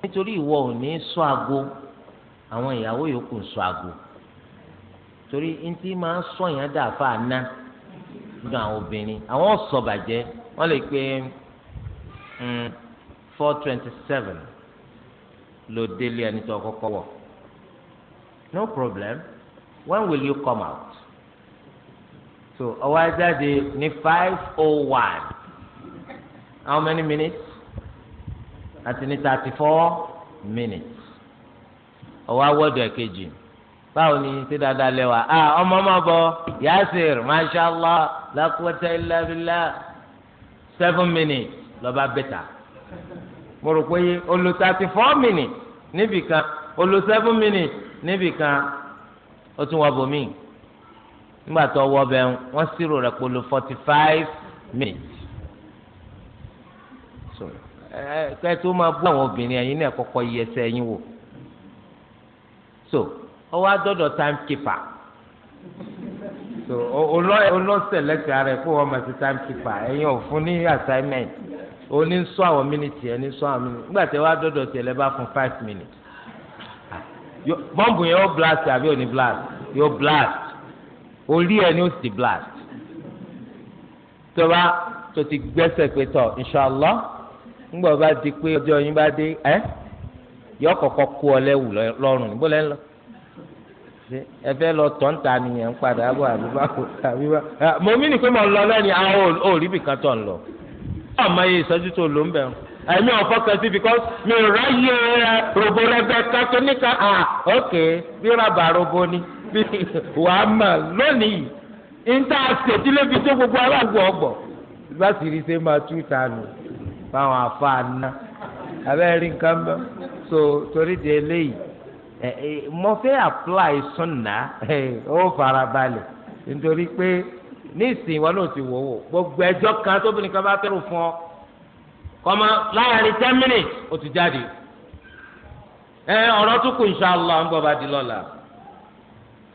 nítorí ìwọ ò ní sọ àgọ́ àwọn ìyàwó yòókù sọ àgọ́ torí ntí máa sọ yẹn dà fà ná dùn àwọn obìnrin àwọn sọ̀bàjẹ́ wọ́n lè pe mm, four twenty seven ló délé ẹni tó kọ́kọ́ wọ̀ no problem when will you come out so ọwọ́ ajáde ní five oh one how many minutes àti ní thirty four minutes ọwọ́ awọ́dọ̀ ẹ̀kejì. báwo ni ṣe dáadáa lewa: a ọmọ ọmọ bọ yasir mashallah la quwwata 7 seven minutes lọ́ba bẹ́tà mo rò pé ó thirty four minutes níbi kan ó seven minutes níbi kan ó tún wọ bòmíì nígbà tó wọ wọ́n ṣírò rẹ forty five tó máa bú obìnrin so. ọwọ́ adọ́dọ̀ time keeper so olọ́sẹ̀ lẹ́sẹ̀ ara ẹ̀ kó wọ́n máa ṣe time keeper ẹ̀yin ò ní assignment o ní sọ àwọn mínítì ẹ̀ ní sọ àwọn mínítì nígbà tí ọwọ́ adọ́dọ̀ tiẹ̀ lẹ́ bá fún five minutes bọ́ǹbù yẹn ó blast àbí ò ní blast yóò blast orí ẹ̀ ni ó sì blast tó bá tó ti gbẹ́sẹ̀ pé tọ̀ inshallah ńgbà bá di pé ọjọ́ yín bá dé ẹ́ yọ kọ̀kọ́ kú ọ lẹ́wù lọ́rùn níbo lẹ́ ṣe ẹ fẹ́ lọ tọ́ ń ta nìyẹn ń padà bọ̀ àbíbá kò àbíbá mo mí ni pé mo lọ lẹ́ni àwọn ò rí bìkan tọ̀ ń lọ. ọmọ yìí ìṣẹ́jú tó ló ń bẹ̀rù ẹ̀mí ọ̀fọ́ kan sí because mi ráyè robo rẹ̀bẹ̀ kankan níka ok bí rábà robo ni bí wàá mà lónìí níta ṣètìlẹ́ fi tó gbogbo aláwọ̀ ọ̀gbọ̀ ṣe máa tú nù àná abẹ́rẹ́ nǹkan so torí di eléyìí mo fẹ́ apply sunna ó farabalẹ̀ nítorí pé nísìnyí wọn náà ti wò wò gbogbo ẹjọ́ kan tóbìnrin kan bá fẹ́rù fún ọ kọ́mọ láàrin ten minutes ó ti jáde ẹ ọ̀rọ̀ tún kù inshallah ń bọ̀ bá di lọ́la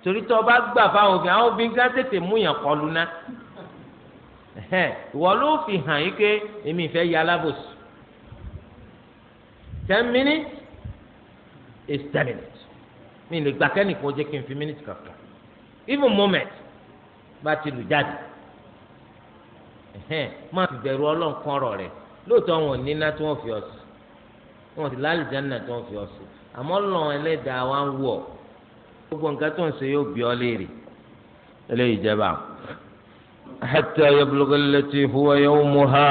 torí tó bá gbà fáwọn obìnrin àwọn obìnrin kan tètè mú yàn kọlu ná ìwọ ló fi hàn yí pé èmi ìfẹ́ yà alábòsí ten minutes is ten minutes mi lè gbà kẹ́nìkan jẹ́ kí n fi mínítì kankan even moment bá ti lù jáde máa fi bẹ̀rù ọlọ́run kan ọ̀rọ̀ rẹ̀ lóòótọ́ wọn ò níná tí wọ́n fi ọ̀sùn wọn ò sì lálùjáná tí wọ́n fi ọ̀sùn àmọ́ lọ́n ẹlẹ́dàá wa ń wù ọ́ gbogbo nǹkan tó ń ṣe yóò bí ọ léèrè eléyìí jẹba hatta yablugha allati huwa yawmuha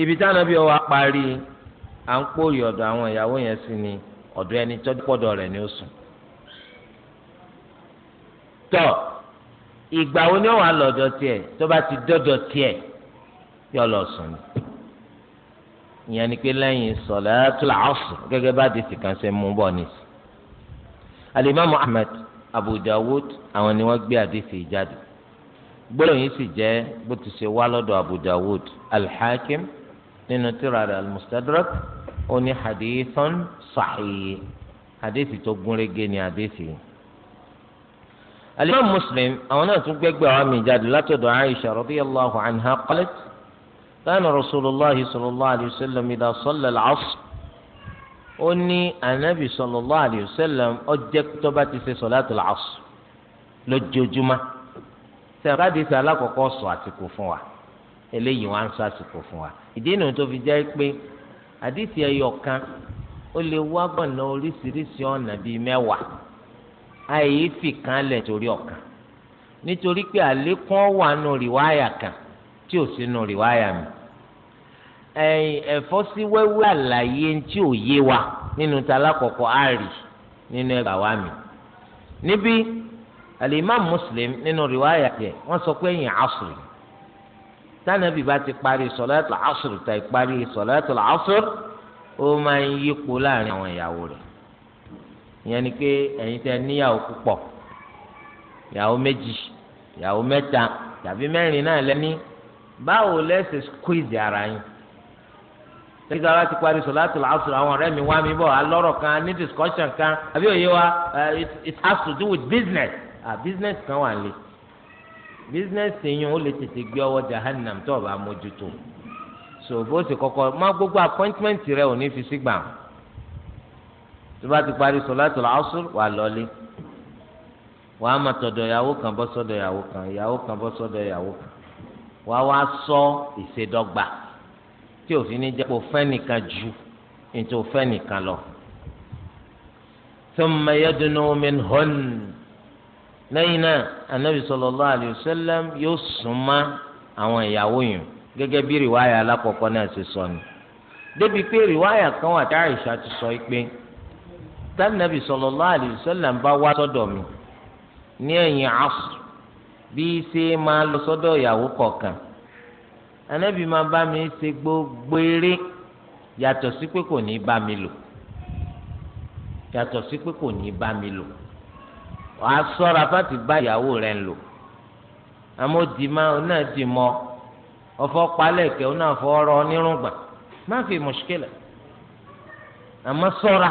ibi táwọn bí wọ́n parí à ń pòrì ọ̀dọ̀ àwọn ìyàwó yẹn sí ni ọ̀dọ̀ ẹni tọ́jú pọ̀dọ̀ rẹ̀ ni ó sùn tọ ìgbà wo ni ó wà lọ́dọ̀ tiẹ̀ tó bá ti dọ́dọ̀ tiẹ̀ yọ lọ sùn ni ìyẹn ni pé lẹ́yìn sọ̀látul asr gẹ́gẹ́ bá di sìkan ṣe mú bọ̀ nìsí. alimami ahmed abu àwọn ni wọ́n gbé àdìsí jáde gbólóhùn yìí sì jẹ́ bó ti ṣe wá lọ́dọ̀ abu dawud nínú tírà almustadrak ó ní hadithon sahih tó gúnrégé ni àdìsí yìí alimami muslim àwọn náà tún gbẹgbẹ́ àwọn àmì jáde látọ̀dọ̀ aisha radiyallahu anha qalat kana rasulillahi sallallahu alayhi wa sallam idha salla al-asr ó ní anabi sallallahu alayhi wa sallam ọjẹ tó bá ti ṣe sọláàtù al-asr lójoojúmọ́ sẹkádìsì alákọ̀ọ́kọ́ sọ àsìkò fún wa eléyìí wọn á sọ àsìkò fún wa ìdí nu tó fi jẹ́ pé àdìsí ẹyọ kan ó lè wá gbọ̀nà oríṣiríṣi ọ̀nà bíi mẹ́wàá àyè fìkan lẹ̀ torí ọ̀kan nítorí pé àlékún wà nù rìwáyà kan tí ò sí nù rìwáyà mi ẹ̀yìn ẹ̀fọ́ sí wẹ́wẹ́ àlàyé tí ò yé wa nínú talákọ̀ọ́kọ́ àárí nínú ẹgbà wa mi níbí alimam muslim nínú rìwáyà tiẹ̀ wọ́n sọ pé ẹ̀yìn asùrì tánàbì bá ti parí sọ̀látù asùrì tàì parí sọ̀látù asùrì ó máa ń yípo láàrin àwọn ìyàwó rẹ̀ ìyẹn ni pé ẹ̀yin tẹ́ níyàwó púpọ̀ ìyàwó méjì ìyàwó mẹ́ta tàbí mẹ́rin náà lẹ́ni báwo lẹ́sẹ̀ squeeze ara yín tẹ́lifíṣà wa ti parí sọ̀láàtù làásù àwọn ọ̀rẹ́ mi wá mi bọ̀ alọ́rọ̀ kan ní discussion kan àbí òye wa uh, it has to do with business ah business kan wà lé business yẹn ó lè tètè gbé ọwọ́ jahannam tó o bá mójútó so bó ṣe kọ́kọ́ má gbogbo appointment rẹ ò ní fi sígbà. Si tó bá ti parí sọláàtì làásùr wà lọlé wàá máa tọ̀dọ̀ ìyàwó kan bọ́ sọ́dọ̀ ìyàwó kan ìyàwó kan bọ́ sọ́dọ̀ ìyàwó kan wàá wá sọ ìṣèdọ́gba tí òfin ní jẹ́ kó nìkan ju ètò òfẹ́ nìkan lọ. ثم يدنو منهن lẹ́yìn náà anabi sallallahu alayhi wa sallam yóò súnmọ́ àwọn ìyàwó yìí gẹ́gẹ́ bí rìwáyà alákọ̀ọ́kọ́ náà ṣe sọ ni débi pé rìwáyà kan wà tá àìsà ti sọ pé tánàbì sallallahu alaihi wasallam bá wá sọ́dọ̀ mi ní ẹ̀yìn asr bí ṣe máa lọ sọ́dọ̀ ìyàwó kọ̀ọ̀kan ànábì máa bá mi ṣe gbogbo eré yàtọ̀ sí pé kò ní bá mi lò yàtọ̀ sí pé kò ní bá mi lò wàá sọ́ra fáti bá ìyàwó rẹ̀ ń lò àmọ́ dì ọ náà dì mọ́ ọfọ́ palẹ̀kẹ́ ọ náà fọ́ ọrọ̀ onírùngbà má fi mùṣkílà àmọ́ sọ́ra.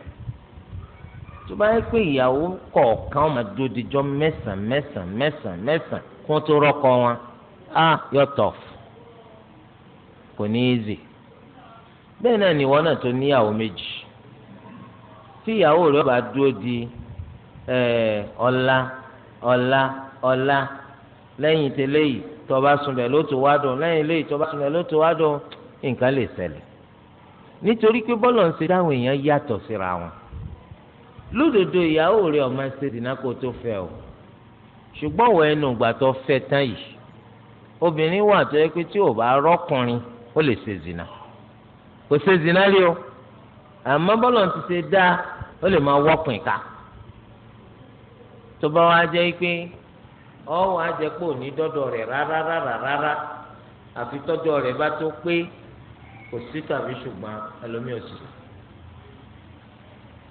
tó bá yẹ pé ìyàwó kọ̀ọ̀kan ọmọ dodijọ́ mẹ́sàn mẹ́sàn mẹ́sàn mẹ́sàn kó tó rọ́kọ wọn á yọ tọ̀ kò ní í zè bẹ́ẹ̀ náà ni ìwọ náà tó níyàwó méjì tí ìyàwó rẹ̀ bá dúró di ọ̀la ọ̀la ọ̀la lẹ́yìn tẹ́lẹ̀ yìí tó bá sùn bẹ̀ ló tó wá dùn lẹ́yìn lẹ́yìn tó bá ló tó wá dùn nǹkan lè ṣẹlẹ̀ nítorí pé bọ́lọ̀ ń ṣe dáhùn èèyàn yàtọ̀ síra wọn lódodo ìyàwó rẹ ọmọ ẹsẹ dìnnà kó tó o ṣùgbọ́n wọ ẹnu ìgbà tó fẹ́ tán yìí obìnrin wà tó yẹ pé tí ò bá rọ́kùnrin ó lè ṣe zina kò ṣe zina rí o àmọ́ ti ṣe dá ó lè máa ká tó bá pé ọ wá jẹ́ pé òní dọ́dọ̀ rẹ̀ rárá rárá rárá àfi tọ́jọ́ rẹ̀ bá tó pé kò sí tàbí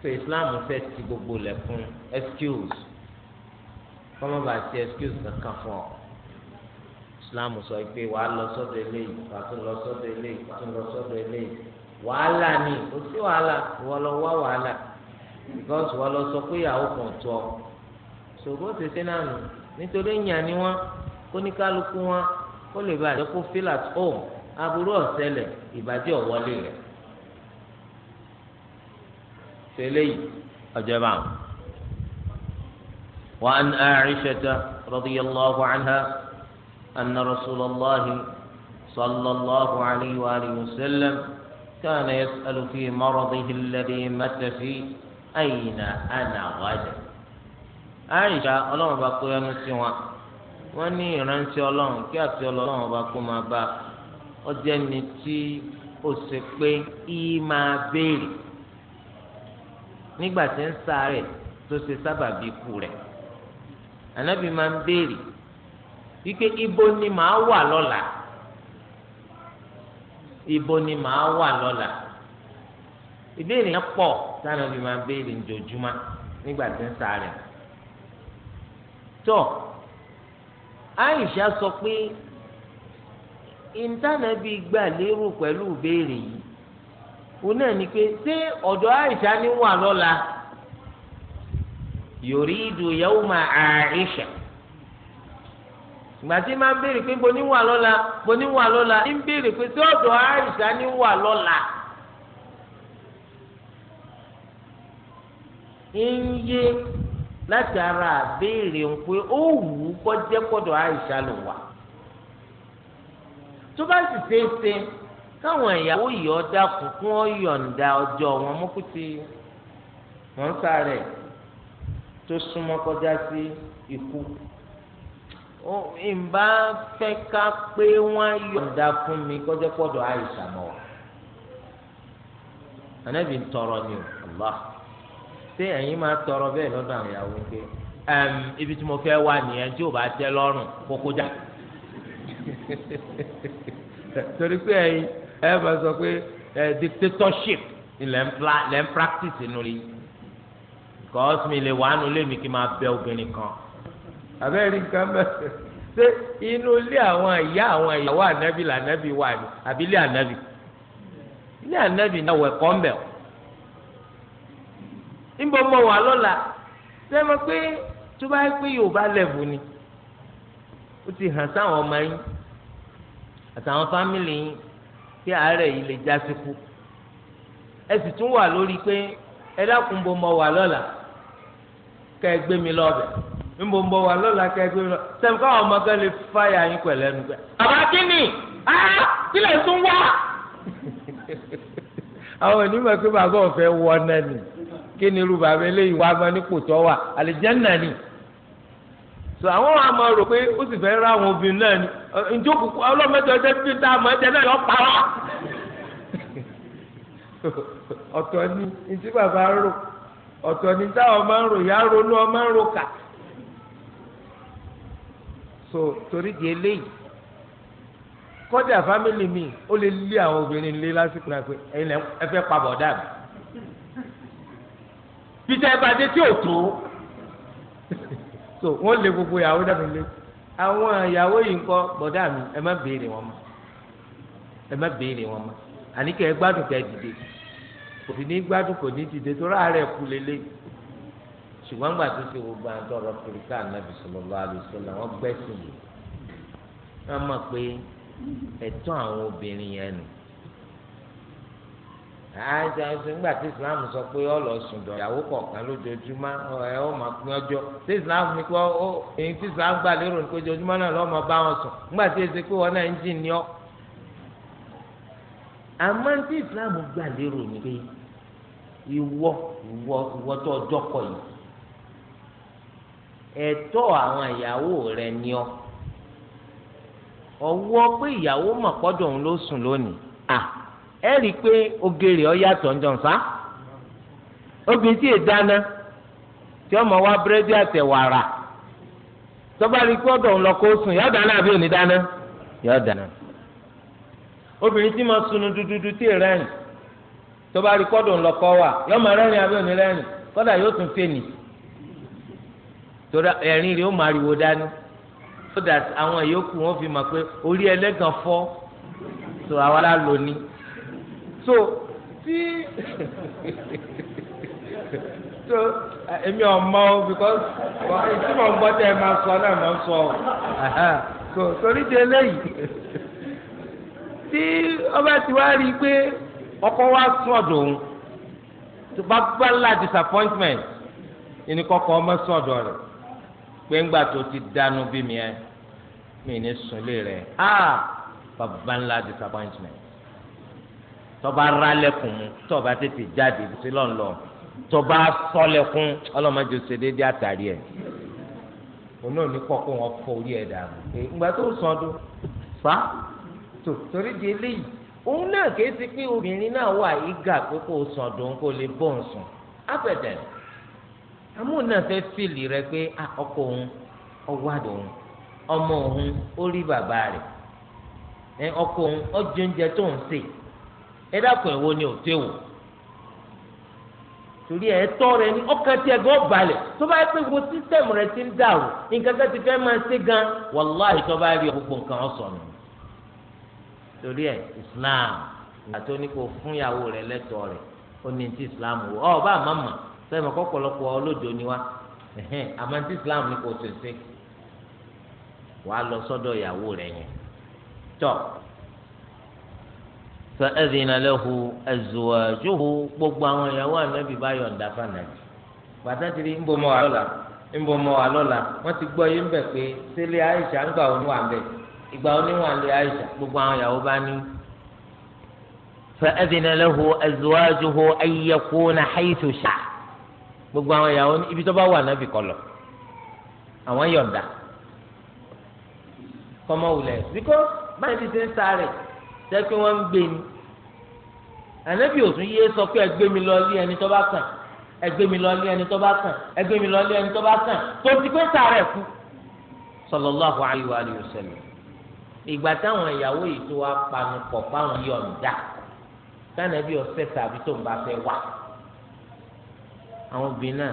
so islam fẹ́ ti gbogbo lẹ̀ fún excuse kọ́mọ́ bá ti excuse kankan fún ọ islam sọ pé wàá lọ sọ́dọ̀ eléyìí wàá tún lọ sọ́dọ̀ eléyìí wàá tún lọ sọ́dọ̀ eléyìí wàhálà ni kò sí wàhálà wọ́n lọ wá wàhálà because wọ́n lọ sọ pé ìyàwó kan tọ́ ṣògbó tètè náà nù nítorí ìyàn ni wọ́n kó ní kálukú wọn kó lè bàjẹ́ kó feel at home aburú ọ̀sẹ̀lẹ̀ ìbàjẹ́ ọ̀wọ́lé rẹ̀ tẹ́lẹ̀ أجمع، وأن wọn. عائشة رضي الله عنها أن رسول الله صلى الله عليه وآله وسلم كان يسأل في مرضه الذي مات فيه أين أنا غدا عائشة الله بقوا يا نسوان wọ́n ní ìrántí ọlọ́run kí àti ọlọ́run ọba kó máa bá ọ jẹ́ ni tí ó ṣe pé í máa béèrè nígbà tí ń sa tó ṣe sábàbí ikú rẹ̀ ànábì máa ń béèrè wípé ibo ni màá wà lọ́la ibo ni màá wà lọ́la ìbéèrè yẹn pọ̀ tánàbì máa ń béèrè njojúmọ́ nígbà tí ń sọ òun náà ni pé ṣé ọ̀dọ̀ àìsà ni wà lọ́la yuridu yawma àìsà gbàtí máa ń béèrè pé boni wà lọ́la boni wà lọ́la ń béèrè pé ọ̀dọ̀ ni wà lọ́la ń yé ara àbéèrè ń pé ó wù ú kọjẹ́ kọ́dọ̀ ló wà tó káwọn ìyàwó yìí ọdá kúnkún ọyọǹda ọjọ́ wọn mọkùtì wọn ń sáré tó súnmọ́ kọjá sí ikú ìbá fẹ́ ká pé wọn yọǹda fún mi kọjá pọdọ àìsàn mọ wa ànábì ń tọrọ ni o allah ṣé ẹ̀yin máa tọrọ bẹ́ẹ̀ lọ́dọ̀ àwọn ìyàwó pé ibi tí mo fẹ́ wà nìyẹn tí ò bá tẹ́ lọ́rùn kókó já (laughs) torí pé ẹ̀yin ẹ bá sọ pé ẹ dictatorship ilẹ̀ ń practice nù rí kọ́sì mi lè wàánu lémi kí n máa bẹ obìnrin kan abẹ́rẹ́ nǹkan bẹ́ẹ̀ ṣé inú ilé àwọn ìyá àwọn ìyàwó ànábì lànábì wà ní àbí ilé ànábì ilé ànábì náà wẹ̀ kọ́ mbẹ̀ o níbo mo wà lọ́la ṣé mo pé tó bá yẹ pé Yorùbá lẹ́bù ni ó ti hàn sáwọn ọmọ yín àtàwọn fámìlì yín kí àárẹ̀ yìí lè já síkú ẹ sì tún wà lórí pé ẹ dákun bó mọ wà lọ́la kẹ́ ẹ gbé mi lọ́bẹ̀ nbọ nbọ wà lọ́la kẹ́ ẹ gbé mi lọ sẹ́mi káwọn ọmọ kan lè fáyà yín pẹ̀lẹ́ nu pẹ́. bàbá kínní kílẹ̀ tún wá. (laughs) àwọn onímọ̀ pé bàbá ọ̀fẹ́ wọ náà ni kí ni irú bàbá eléyìí wá gbọ́ nípò tó wà àlìjẹ́ náà ni so àwọn wa máa rò pé ó sì fẹ́ ra àwọn obìnrin náà ni njó kúkú ọlọ́mọdé ọjọ́ tí tá a mọ̀ ẹ̀jẹ̀ náà yọ pa wá. (laughs) ọ̀tọ̀ ni ntí bàbá ń rò ọ̀tọ̀ ni táwọn máa ń rò ìyá ronú ọmọ ń rò kà. so torí di eléyìí kọ́dà fámìlì mi ó lè lé àwọn obìnrin lé lásìkò náà pé ẹ̀yin ẹ fẹ́ pa bọ̀dá mi. peter ibadé tí ò tó. (laughs) so wọ́n lé gbogbo ìyàwó dànù lé àwọn ìyàwó yìí ń kọ́ bọ̀dá mi ẹ má béèrè wọn mọ́ ẹ má béèrè wọn mọ́ àní kẹ́ ẹ gbádùn kẹ́ ẹ dìde kò fi ní gbádùn kò ní dìde tó ráàárẹ̀ kú lélẹ̀ ṣùgbọ́n gbà tó ṣe gbogbo àwọn tó kìrìkà nàbì sallallahu alaihi wasallam wọ́n gbẹ́sìn yìí wọ́n mọ̀ pé ẹ̀tọ́ àwọn obìnrin yẹn nù àìsàn ọsùn nígbà tí islam sọ pé ọlọ sùn dọ̀ ìyàwó kọ̀ọ̀kan lójoojúmọ́ ẹ ó máa pín ọjọ́ tí islam ní kó èyí tí islam gbà lérò ní pé ojoojúmọ́ náà lọ́ọ́ máa bá wọn sùn nígbà tí èsì pé wọn náà ń jìn ní ọ. àmọ́ tí islam gbà lérò ní pé ìwọ ìwọ ìwọ tó ọjọ́ kọ yìí ẹ̀tọ́ àwọn ìyàwó rẹ ní ọ ọwọ́ pé ìyàwó mọ̀pọ́dọ̀ òun ló sùn lónìí ah ẹ rí pé ogèrè ọ yàtọ̀ obìnrin tí èdáná tí ọmọ wa búrẹ́dì àtẹ̀wàrà tọ́ba rí pé ọ̀dọ̀ ńlọ kó sùn yọ dáná àbí òní dáná yọ dáná obìnrin tí sunu dúdúdú tí ìrẹ́rìn pé ọ̀dọ̀ ńlọ kọ́ wà yọ rẹ́rìn àbí òní rẹ́rìn kọ́dà so àwọn wọn fi mọ̀ pé orí ẹlẹ́gàn fọ́ so tí so èmi ọmọ o because tí mo ń gbọ́ tẹ́ ẹ sọ náà mo sọ o so torí di eléyìí tí ọba ti wá rí i pé ọkọ wa sún ọ̀dọ̀ òun tó bá bá la disappointment ẹni kọ́kọ́ ọmọ sún ọ̀dọ̀ rẹ̀ pé ńgbà tó ti dánú bí mi ẹ mi ní sunlé rẹ̀ ah bàbá ńlá disappointment tọba ralẹ̀kùn mu tọba tètè jáde sí lọ tọba sọlẹ̀kùn ọlọ́mọdé ṣe déédéé àtàrí ẹ̀ òun ní kọ́kọ́ wọn fọ orí ẹ̀ dànù tó sàn dùn fa torí di eléyìí òun náà pé obìnrin náà wà ìgà pé kò sàn dùn kò ọmọ òun ó rí bàbá rẹ ọkọ òun ọjọ́ oúnjẹ tó ń ẹ dákun ni o tẹ́ wò torí ẹ tọ́ rẹ ní ọkàn tí ẹ gbọ́ balẹ̀ tó bá yẹ pé gbogbo sísẹ́mù rẹ ti ń dàrú nǹkan kan ti fẹ́ máa ṣe gan wàláhì tó bá rí gbogbo nǹkan ọ̀sán nù torí ẹ Islam àti oníkó fún ìyàwó rẹ rẹ ó ní ti Islam wò ọ bá àmà mà sẹ́mi kọ́pọ̀lọpọ̀ ọlọdọ ni wá àmọ́ ti Islam ní kò ṣe wàá lọ ìyàwó rẹ yẹn fa'adhina lahu azwajuhu gbogbo àwọn ìyàwó ànábì bá yọ̀ǹda fànàbì bàtà ti rí nbọ mọ wà lọ́la nbọ mọ wà lọ́la wọ́n ti gbọ́ yín bẹ̀ pé sílé Aisha ń gbà òun wà bẹ̀ ìgbà òun wà lé Aisha gbogbo àwọn ìyàwó bá ní. fa'adhina lahu azwajuhu an yakuna haythu sha'a gbogbo àwọn ìyàwó ibi tó bá wà ànábì kó lọ àwọn yọ̀ǹda kọ́mọ wulẹ̀ bíkọ́ báyìí ti ṣe ń sáré jẹ́ pé wọ́n ń gbé ni ànábì òsùn yé sọ pé ẹgbẹ́ mi lọ lé ẹni tó bá kàn ẹgbẹ́ mi lọ lé ẹni tó bá kàn ẹgbẹ́ mi lọ lé ẹni tó bá kàn tó ti pé sàárẹ̀ kú sallallahu alayhi wa alihi wa sallam ìgbà táwọn ìyàwó yìí tó wá panu pọ̀ fáwọn yọ̀ǹda kánàbí ọ̀sẹ̀ tàbí tó ń bá fẹ́ wà àwọn obìnrin náà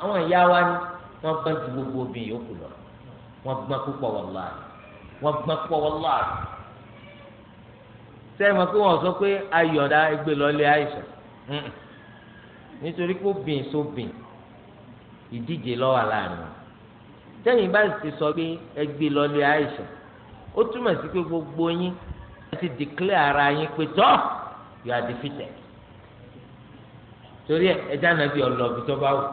àwọn ìyá wa ni wọ́n gbọ́n ju gbogbo obìnrin yòókù lọ wọ́n gbọ́n púpọ̀ wallahi wọ́n gbọ́n púpọ̀ wallahi sẹ́yìn mọ̀ pé wọ́n sọ pé ayọ̀dá ẹgbẹ́ lọ́lé àìsàn nítorí pé obìn sóbìn ìdíje lọ́wọ́ láàrin wọn sẹ́yìn bá ti sọ pé ẹgbẹ́ lọ́lé àìsàn ó túmọ̀ sí pé gbogbo yín ẹ ti dìklẹ́ ara yín pé tọ́ you are defeated torí ẹja nàbí ọlọ́ọ̀bì tó bá wù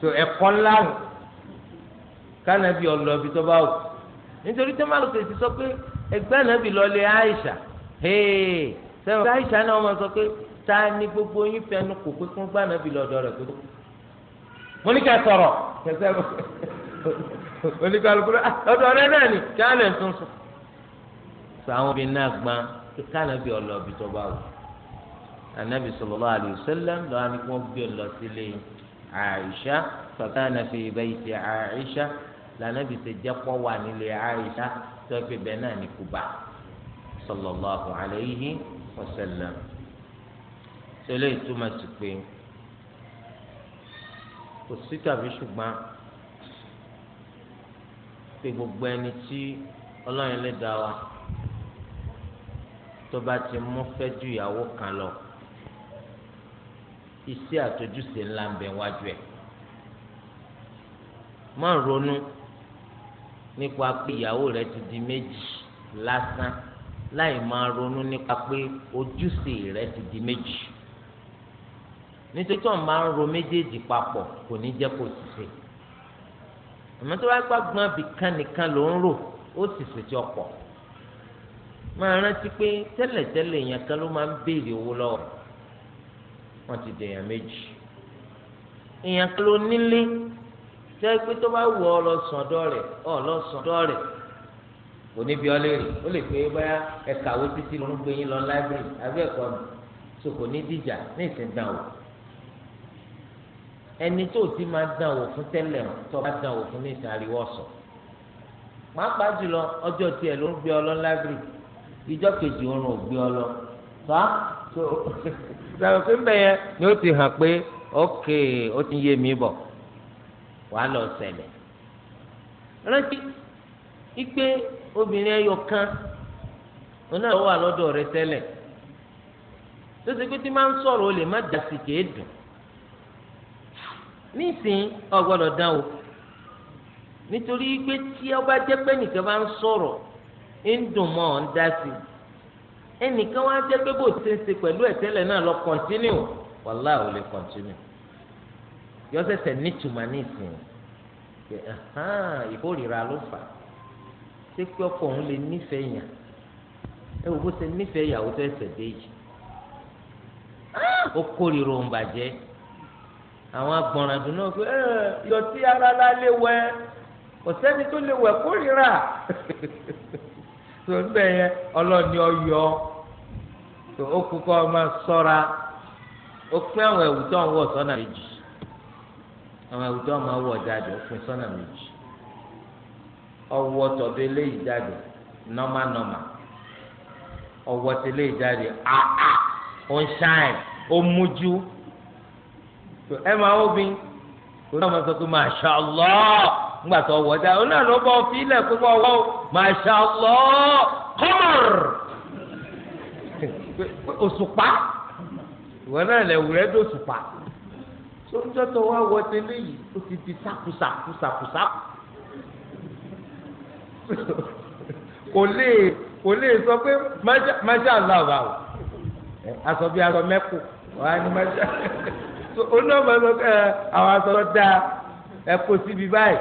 tó ẹ̀kọ́ ńlá wù kánàbí ọlọ́ọ̀bì tó bá wù nítorí tẹ́lẹ̀ máa lọ sí sọ pé ẹgbẹ́ nàbí lọ́lé àìsàn hee sẹ́wọ̀n káyíṣà náà wọ́n sọ pé ta ni gbogbo yín fẹnu kò pé fún gbàmẹ́ bí lọ́dọ̀ rẹ̀ kó mo ní ká sọ̀rọ̀ kẹsẹ́ mo ní ká lóko lọ́dọ̀ ah, rẹ̀ náà ni kí á lè tún sùn. sọ àwọn obìnrin náà gbọ́n kí kánàbì ọlọ́ọ̀bì tó bá wù anabi sallallahu alayhi lọ́wọ́ ni wọ́n gbé lọ sílé Aisha fakana fi bayti Aisha lànàbì ṣe jẹ́pọ̀ wà nílé Aisha tó fi bẹ́ẹ̀ náà ní Kùbá. صلى الله عليه وسلم. سليت ìtumọ̀ sí pé في sí tàbí ṣùgbọ́n pé gbogbo ẹni tí ọlọ́run ẹlẹ́dàá wa tó bá ti mú fẹ́ ju ìyàwó kan lọ iṣẹ́ àtọ́júṣe ńlá ń bẹ wájú ẹ̀ má ronú nípa pé ìyàwó rẹ ti di méjì lásán láì máa ronú nípa pé ojúṣe rẹ ti di méjì nítorí tó ń máa ń ro méjèèjì papọ̀ kò ní jẹ́ kó ṣiṣẹ́ àmọ́ tó bá gbà gbọ́n bìkan nìkan ló ń rò ó sì ṣètì ọ̀pọ̀ máa rántí pé tẹ́lẹ̀tẹ́lẹ̀ èèyàn kan ló máa ń béèrè owó lọ́wọ́ wọ́n ti dèèyàn méjì èèyàn kan ló nílé jẹ́ pé tó bá wù ọ́ lọ sọ̀dọ̀ rẹ̀ ọ́ lọ sọ̀dọ̀ rẹ̀ oníbi ọlẹ́rì ó lè pé báyà ẹ̀ka àwọn títí ló ń gbé yín lọ láìbírì abẹ́ ẹ̀kọ́ mi so ní dìjà ní ìsìndàn o ẹni tó ti máa dàn wò fún tẹ́lẹ̀ tó bá dàn wò fún ní sọ pàápàá jùlọ ọjọ́ tiẹ̀ ló ń gbé ọ lọ láìbírì ìjọ kejì oorun fa so pé yẹn ni ó ti hàn pé ok ó ti mi bọ̀ obìnrin ẹyọ kan òun náà wà lọ́dọ̀ rẹ tẹ́lẹ̀ tó ti pé tí máa ń sọ̀rọ̀ o lè má dàsí kèé dùn nísìnyí o dán o nítorí pé tí ó bá jẹ́ pé nìkan bá ń sọ̀rọ̀ ń dùn mọ́ ọ̀ ń dá ẹnìkan wá jẹ́ pé bó ti ń ṣe pẹ̀lú ẹ̀ tẹ́lẹ̀ náà lọ kọ̀ntínú wàhálà ò lè yọ nísìnyí ló fà á ṣé pé ọkọ òun le nífẹ̀ẹ́ yàn ẹ wò bó ṣe nífẹ̀ẹ́ ìyàwó tó ẹsẹ̀ dé yìí ó kórìíra òun bàjẹ́ àwọn náà pé yọtí ara la lè wẹ ọ̀sẹ́ni tó lé wẹ kórìíra tó ń bẹ̀ yẹn ọlọ́ni tó ó kú ó pín àwọn méjì àwọn jáde ó pín méjì. ọwọ́ tọ̀dọ̀ eléyìí jáde nọ́mà nọ́mà ọwọ́ tí eléyìí jáde àà ah, ah, ó ń ṣáìn ó mújú ẹ máa ó bí kò ní ọmọ sọ pé masha allah ńgbà tó ọwọ́ dá ọ náà ló bọ́ fílẹ̀ pé wọ́n wọ́ masha allah kọ́mọ̀r (laughs) òṣùpá ìwọ náà lè wúrẹ́ dòṣùpá sóńjọ́ tó wá wọ́ tẹ́lẹ̀ yìí ó ti di sákùsàkùsàkùsàkù. (laughs) kò lè kò lè sọ pé máṣá aláàbà o aṣọ bíi aṣọ mẹ́kù wàá ní máṣá (laughs) oní ọmọ sọ pé àwọn aṣọ tó dáa ẹ kó síbi báyìí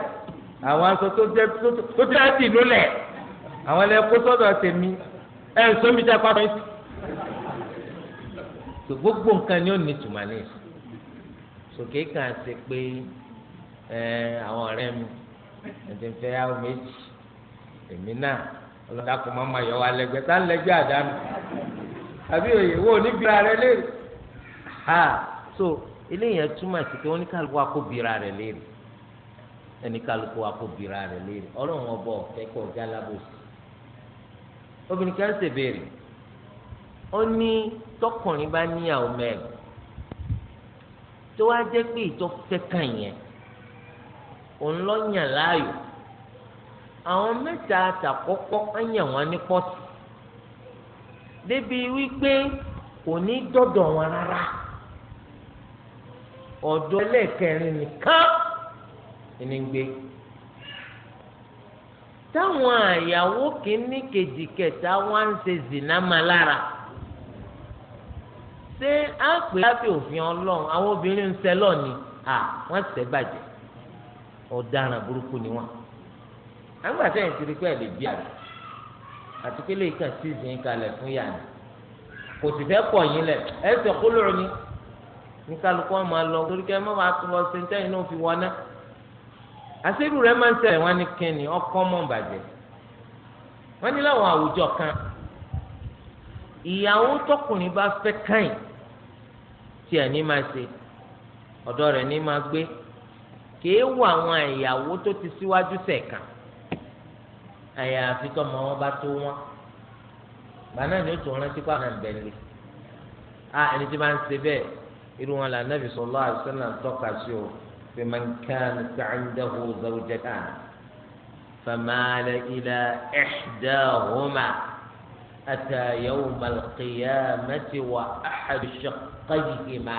àwọn aṣọ tó jẹ tó tí láti ìlú lẹ àwọn ẹlẹ kó sọ́dọ̀ tèmi ẹ ń sọ mi jẹ pátá yìí tó gbogbo nǹkan ni ó ní tùmọ̀ ní ìsìn sòkè kan ṣe pé àwọn ọ̀rẹ́ mi ẹ̀dẹ̀ ń fẹ́ yàwó méjì èmi náà ọlọ́dà kò má ma yọ wa lẹ́gbẹ́ tá lẹ́gbẹ́ àdánù àbí òye wo ní bíra rẹ léèrè ha so eléyìí túmọ̀ sí pé wọ́n ní kálukú wa kó bíra rẹ léèrè ẹni kálukú wa kó bíra rẹ léèrè ọlọ́run ọbọ̀ kẹ́kọ̀ọ́ gálábòsì obìnrin kan ṣèbéèrè ó ní tọkùnrin bá níyàwó mẹ́rin tó wá jẹ́ pé ìtọ́fẹ́ kàn yẹn òun lọ́ yàn láàyò. àwọn mẹta àtàkọ́kọ́ anyanwụ yàn wọ́n ní pọ́ọ̀tù débi wípé kò ní dọdọ wọn rárá ọdọ ẹlẹ́ẹ̀kẹrin nìkan ni gbé táwọn àyàwó kìíní kejì kẹta wá ń ṣe zìnnà lára ṣé á pè òfin ọlọ́run àwọn obìnrin ń ṣẹlọ ni à wọ́n. àwọn àtẹ̀yìn ti rí pé ẹ̀ lè bí àná àti pé lèyìn kan sí ìsìn kalẹ̀ fún yàrá kò sì fẹ́ pọ̀ yín lẹ̀ ẹ̀ sọ kúlù ni ní kálukú ọmọ lọ torí kẹ́ ẹ má wàá lọ sí ntẹ́yìn náà fi wọ́n ná àṣírí rẹ̀ máa ń tẹ̀lé wọn ní kẹ́ni ọkọ́ mọ̀ bàjẹ́ wọ́n ní láwọn àwùjọ kan ìyàwó tọkùnrin bá fẹ́ káyìn tí ẹ̀ ní máa ṣe ọ̀dọ̀ rẹ̀ ní máa gbé kì àwọn ìyàwó tó ti síwájú sẹ̀kan. Si àyàfi tọmọ wọn bá tó wọn bana ni ó tó ti kó àwọn ìbẹ̀lẹ̀ a ẹni tí wọn ti be irun wọn là nàbì sallallahu alaihi wasallam tọ́ka sí o fi man kana indahu zawjatan famala ila homa ata yow al-qiyamati wa ahadu shaqqayhima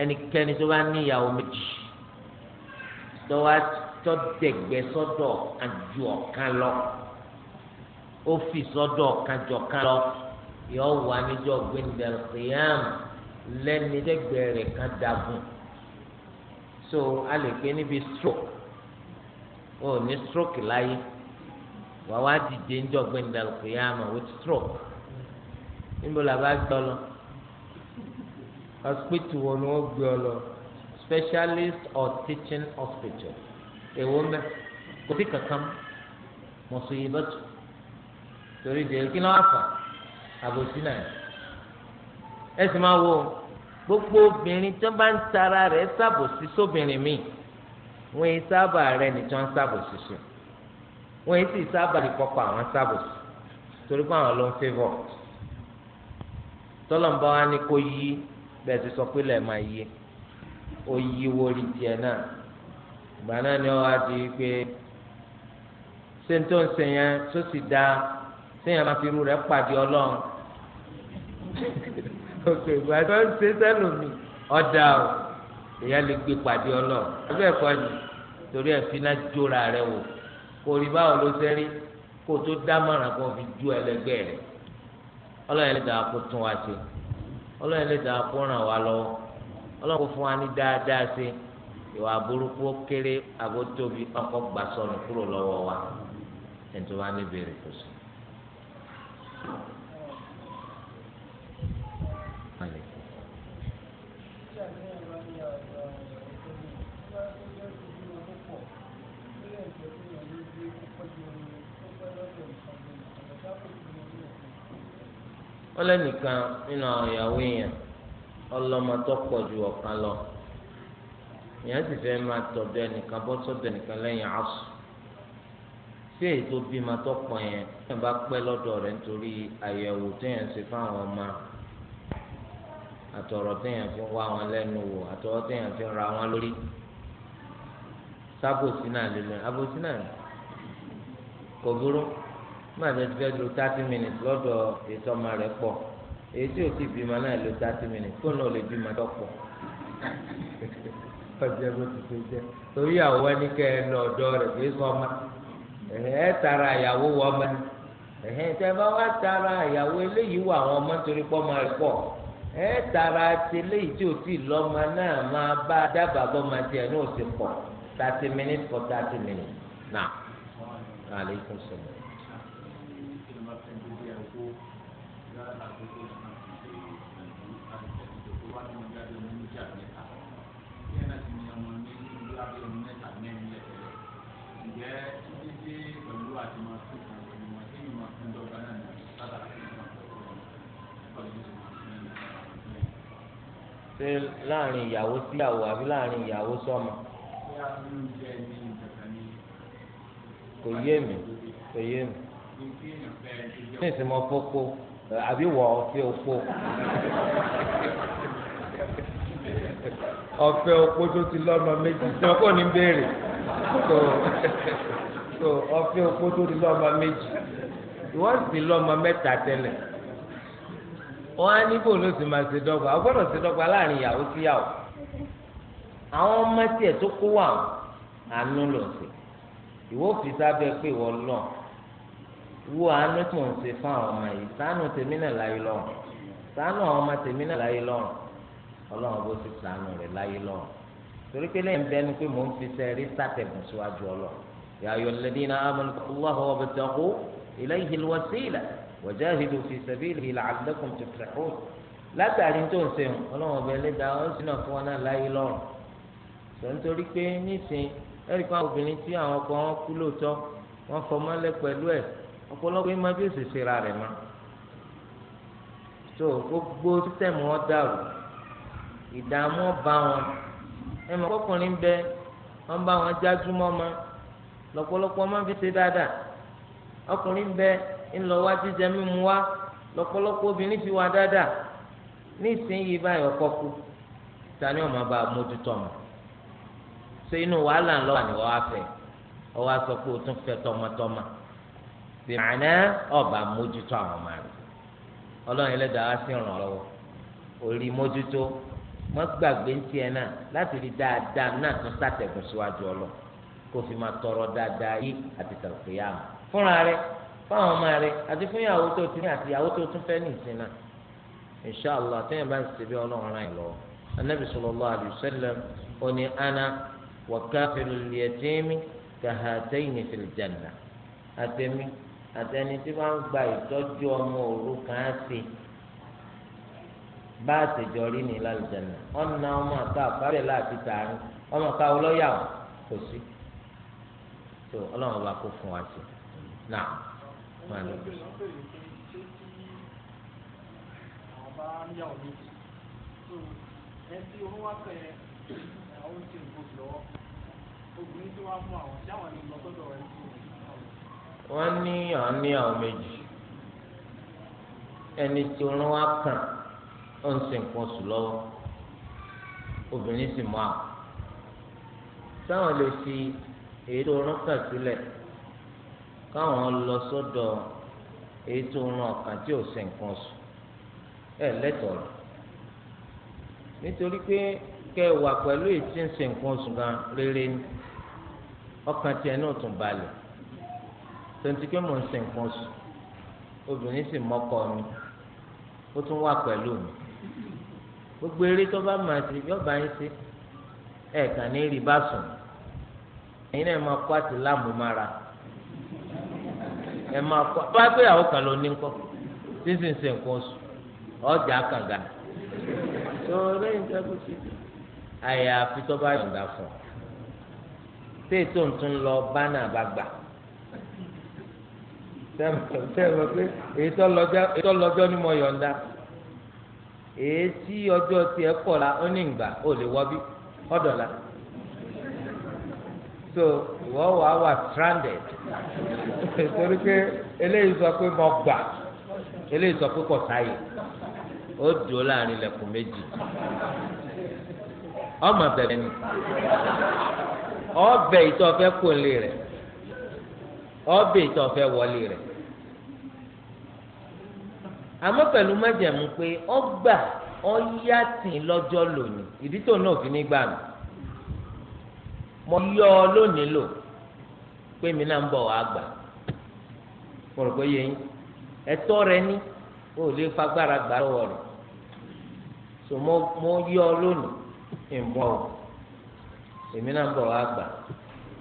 ẹnikẹ́ni tó bá níyàwó méjì tó wá sí. tọ́dẹ̀gbẹ́ sọ́dọ̀ àjù ọ̀kan lọ ó fi sọ́dọ̀ ọ̀kan jọ̀kan lọ yọ wà níjọ́ gbẹ̀ndẹ̀lkìyàm lẹ́ni dẹ́gbẹ́ rẹ̀ kan dagun so a lè pé níbi stroke ó ní stroke láyé wà wá dìde níjọ́ gbẹ̀ndẹ̀lkìyàm with stroke níbo la bá gbọ́ lọ hospital wo ni wọ́n gbé ọ lọ specialist or teaching hospital èwo ń bẹ kò sí kankan mọ̀ sọ yìí bọ́tù torí ìdèrè kí náà fà àbòsí náà ẹ sì máa wo gbogbo obìnrin tó bá ń tara rẹ̀ ṣàbòsí sóbìnrin míì wọ́n yìí sábà rẹ̀ nìkan ṣàbòsí sùn wọ́n yìí sì sábà lè kọ́kọ́ àwọn ṣàbòsí torí pé àwọn ló ń fẹ́vọ̀ tọ́lọ́mbà wa ni kò yí bẹ́ẹ̀ ti sọ pé lẹ́ẹ̀ máa yí ó yí wórí tiẹ̀ náà ìgbà náà ni wọ́n á di pé ṣé tó ń sèyàn tó sì da sèyàn máa fi irú rẹ̀ pàdé ọlọ́run òkè (laughs) ìgbà tó ń ṣe sẹ́lòmí ọ̀dà o èyàn lè gbé pàdé ọlọ́run ẹgbẹ́ ẹ̀kọ́ ni torí ẹ̀ fi náà jóra rẹ wò kò rí báwo ló ṣe rí kó tó dámọ̀ràn kó fi ju ẹlẹgbẹ́ rẹ̀ ọlọ́run lè dàá kó tún wa ṣe ọlọ́run lè kó ràn wá lọ́wọ́ ọlọ́run kó fún wa ní dáadáa ṣe ìwà burúkú ó kéré àbó tóbi ọkọ̀ gbà sọnù kúrò lọ́wọ́ wa ẹni tó bá ní ìbéèrè kò sí. ọlẹ́nìkan nínú àwọn ìyàwó èèyàn ọlọ́mọ tó pọ̀ ju ọ̀kan lọ èèyàn sì fẹ́ máa tọ̀dọ̀ ẹnìkan bọ́ sọ́dọ̀ ẹnìkan lẹ́yìn asù sí èyí tó bímọ tó pọ̀ yẹn téèyàn bá pẹ́ lọ́dọ̀ rẹ̀ nítorí àyẹ̀wò téèyàn ṣe fáwọn ọmọ àtọ̀rọ̀ téèyàn fi wá wọn lẹ́nu wò àtọ̀rọ̀ téèyàn fi ra wọn lórí sábòsí náà lè lọ abòsí náà kò burú má lè fẹ́ lo thirty minutes lọ́dọ̀ ètò ọmọ rẹ̀ pọ̀ èyí tí ò ti bímọ náà lo thirty minutes kó náà lè bímọ tó pọ̀ ọjọ́ bó ti ṣe jẹ́ torí àwọn ẹni kẹ́ ẹ lọ ọ̀dọ́ rẹ̀ kì í sọ ọmọ ẹ tara ìyàwó wọ ọmọ ẹ tẹ bá wá tara ìyàwó eléyìí wọ àwọn ọmọ nítorí pọ́ máa rẹ̀ pọ̀ ẹ tara ti eléyìí tí ò tí ì lọ́mọ náà máa bá dábàá bọ́ máa tiẹ̀ ní òsì pọ̀ thirty minutes for thirty minutes náà. Alaikum salaam. ṣe láàrin ìyàwó síyàwó àbí láàrin ìyàwó sọ́mọ. kò yé mi kò yé mi ní ìsìn mọ fọkọ àbí wọ ọfẹ oko ọfẹ oko tó ti lọ́mọ méjì tí wọn kò ní béèrè tó tó ọfẹ oko tó ti lọ́mọ méjì ìwọ sì lọ́mọ mẹ́ta tẹ́lẹ̀ wọn á níbò ló sì máa ṣe dọ́gba a gbọ́dọ̀ ṣe dọ́gba láàrin ìyàwó síyàwó àwọn ọmọ tiẹ̀ tó kó wà àánú lọ sí ìwọ fi sábẹ́ pé ìwọ lọ wo àánú tí ń ṣe fún àwọn ọmọ yìí ṣàánú tèmi náà láyé lọ́rùn ṣàánú àwọn ọmọ tèmi náà láyé lọ́rùn Ọlọ́run bó ti ṣàánú rẹ̀ láyé lọ́rùn torí pé lẹ́yìn bẹ́ẹ̀ pé mò ń fi sẹ́ẹ̀rí sátẹ̀bùn síwájú Ọlọ́run ya ayyuhalladhina amanu taqullaha wabtaghu ilayhi alwasila wajahidu fi sabilihi la'allakum tuflihun látàrí tó ń sẹ́wọ̀n ọlọ́wọ́n ọbẹ̀ ẹlẹ́dàá ó sì náà fún wọn náà láyé lọ́rùn sọ nítorí pé nísìn ẹ̀rí kan obìnrin tí àwọn ọkọ wọn kú lóòótọ́ wọn fọmọ́lẹ̀ pẹ̀lú ẹ̀ ọ̀pọ̀lọpọ̀ ẹ̀ máa bí òṣèṣe ra rẹ̀ mọ́ so gbogbo sítẹ̀mù wọn dàrú ìdààmú ọba wọn ẹ ọkùnrin bẹ wọn bá wọn jájú mọ́ lọ́pọ̀lọpọ̀ ọmọ fi ṣe dáadáa ọkùnrin bẹ́ẹ̀ ńlọ wá jíjẹ mímu wá lọ́pọ̀lọpọ̀ obìnrin fi wá dáadáa ní ìsinyìí tani ọmọ bá mójútó ọmọ ṣé inú wàhálà ńlọ wà ní wọ́n á fẹ́ ọwọ́ o tún tọmọtọmọ bí ọba mójútó àwọn ọmọ rẹ ọlọ́run ẹlẹ́dàá sì ràn ọ́ lọ́wọ́ orí mójútó gbàgbé ń tiẹ̀ náà láti rí dáadáa náà tún síwájú ọlọ́ tọrọ dáadáa àti yá fúnra fáwọn ọmọ rẹ àti fún ìyàwó tó ti ní àti ìyàwó tó tún fẹ́ ní ìsìn náà inshàlá àtẹ̀yìn bá ń ṣe bí ọlọ́run ràn lọ anabi ana wa kafilul yatimi àtẹni tí wọ́n gba ìtọ́jú ọmọ òrukàn sí bá a ṣèjọ rí ní lálùjáná ọ̀nà ọmọ àká àfárẹ̀ láti tààrin ọmọ kò sí tó ọlọ́run bá kó máa lọ. wọ́n ní àwọn ní àwọn méjì ẹni tí wọ́n wá kàn ó ń sin nǹkan sùn lọ́wọ́ obìnrin sì mọ́ àwọn táwọn lè fi èyí tó rán sílẹ̀ káwọn lọ sọ́dọ̀ èyí tó ràn kàn tí ò ṣe nǹkan sùn ẹ lẹ́tọ̀ọ́ rẹ̀ nítorí pé kẹ́ wà pẹ̀lú èyí tí ń ṣe nǹkan sùn gan rere ni ọkàn tiẹ̀ náà tún balẹ̀ tonti pé mò ń ṣe nǹkan sùn obìnrin sì mọ́kọ mi ó tún wà pẹ̀lú mi gbogbo eré tó bá máa ṣe yọba yín ṣe ẹ̀ẹ̀kan ní rí bá sùn ẹ̀yin náà máa kó àti láàmú mára ẹ máa kọ tó wáá pé ìyàwó kan ló ní kọ sísìn sí nǹkan oṣù ọjà kànga tó lẹ́yìn tó kù sí. àyàfi tó bá yọ̀ǹda fún ọ tí ètò ntún lọ bá bá gbà sẹ́wọ̀n pé èyí lọ́jọ́ ni mo yọ̀ǹda èyí tí ọjọ́ tiẹ̀ kọ̀ la ó ní ìgbà ó lè wọ́ ọ̀dọ̀ la. so ìwọ wà stranded (laughs) torí pé eléyìí sọ pé mo gbà eléyìí sọ pé kò sáyè ó dùn láàrin ilẹ̀kùn méjì ọmọ bẹ̀rẹ̀ ni ọbẹ̀ ìtọ́ fẹ́ kó rẹ̀ ọbẹ̀ ìtọ́ fẹ́ wọlé rẹ̀ àmọ́ pẹ̀lú májẹ̀mú pé ọgbà ọyá tì lọ́jọ́ lónìí ìdí tó náà mo yọ ọ lónìí lò pé mi náà ń bọ̀ wá gbà mo yẹn ẹ̀tọ́ rẹ ní o ò lè fagbára gbà lọ́wọ́ rẹ so mo mo yọ ọ lónìí ń bọ̀ o èmi náà ń bọ̀ wá gbà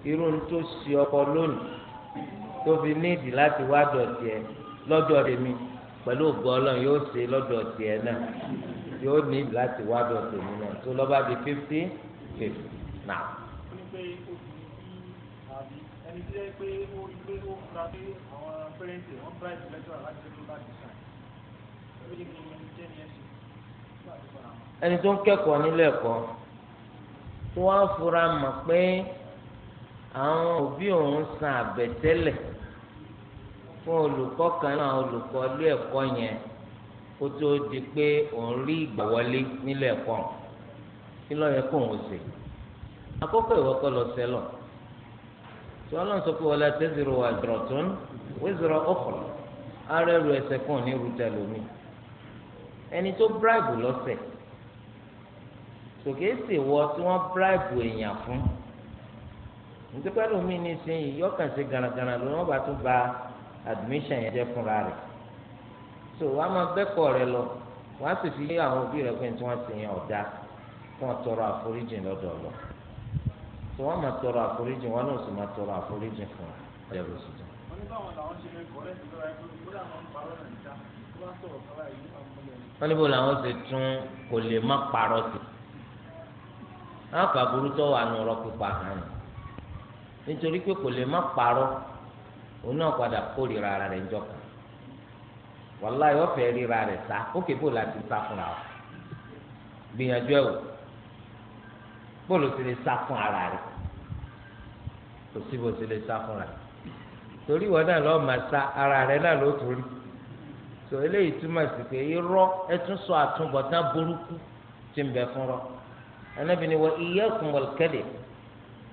irú ń tó ṣe ọkọ lónìí tó fi níìdì láti wá dọ̀tí ẹ lọ́dọ̀ rẹ mi pẹ̀lú ògbọ́ ọlọ́run yóò ṣe lọ́dọ̀ tiẹ̀ náà yóò níìdì láti wá dọ̀tí mi náà tó lọ́ba di fifty fifty náà ní pé obìnrin bí àbí ẹni tí yẹ pé ó rí pé ó fura pé àwọn pẹ́rẹ́ǹtì wọ́n bá ìlú lẹ́tọ́ láti ṣe ló bá ti sàn ó lè ní ẹni jẹ́ ní ẹ̀sìn ẹni tó ń kẹ́kọ̀ọ́ nílé ẹ̀kọ́ tó wá fura mọ̀ pé àwọn òbí òun san àbẹ̀tẹ́lẹ̀ fún olùkọ́ kan náà olùkọ́ ilé ẹ̀kọ́ yẹn kó tó di pé òun rí ìgbà wọlé nílé ẹ̀kọ́ kí ló kó òun ṣe àkọ́kọ́ ìwọ kọ́ lọ sẹ́lọ̀ tí wọ́n náà sọ pé wala taziru wazratun wizra ukhra ara ẹrù ẹsẹ̀ kan ní rúdà lómi ẹni tó bíráìbù lọ́sẹ̀ tòkè sì wọ tí wọ́n bíráìbù èèyàn fún nítorí pẹ́lú mi ní sin ìyọ́kàn sí garagara ló wọ́n bá tún ba admission yẹn jẹ́ fúnra rẹ̀ so wàá máa bẹ́kọ̀ rẹ lọ wàá sì fi àwọn òbí rẹ pé tí wọ́n ti yan ọ̀dà fún ọ̀tọ̀rọ̀ àforíjì lọ́dọ̀ tí wọ́n máa tọrọ àforíjì wọn náà sì máa tọrọ àforíjì fún ọ̀rẹ́ rẹ̀ sì wọ́n níbo làwọn ṣe tún kò lè má parọ́ sí àwọn fàbúrú tó wà nù ọ̀rọ̀ pípa hàn nítorí pé kò lè má parọ́ òun náà padà kórìíra ara rẹ̀ jọ kan wàláyé ọ̀fẹ́ ríra rẹ̀ sá ó kébo láti sá fúnra gbìyànjú ẹ̀ wò. bóòlù sì lè sá fún ara rẹ̀ kò sí bó sì lè sá fún ara rẹ̀ torí ìwọ náà lọ́ọ́ máa sá ara rẹ̀ náà ló torí tò eléyìí túmọ̀ sí pé irọ́ ẹtún sọ àtúbọ̀tán burúkú ti ń bẹ fún rọ Ànábì ní wa iyyakum wal kadhib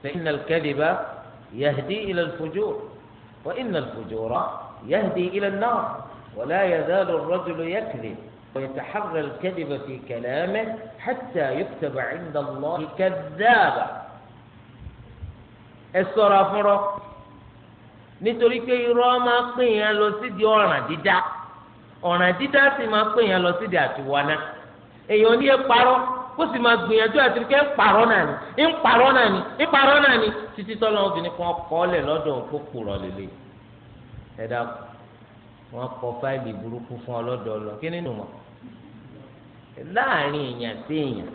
fa innal kadhiba yahdi ila al-fujur wa innal fujura yahdi ila an-nar wa la yazalu ar ويتحرى الكذب في كلامه حتى يكتب عند الله كذابا الصورة فرق nítorí pé irọ́ máa pè yẹn lọ sídìí ọ̀ràn dídá ọ̀ràn dídá sì máa si yẹn lọ sídìí àtiwọ́nà èèyàn ní ẹ parọ́ kó sì máa gbìyànjú àti rí kẹ́ ń láàrin èèyàn sí èèyàn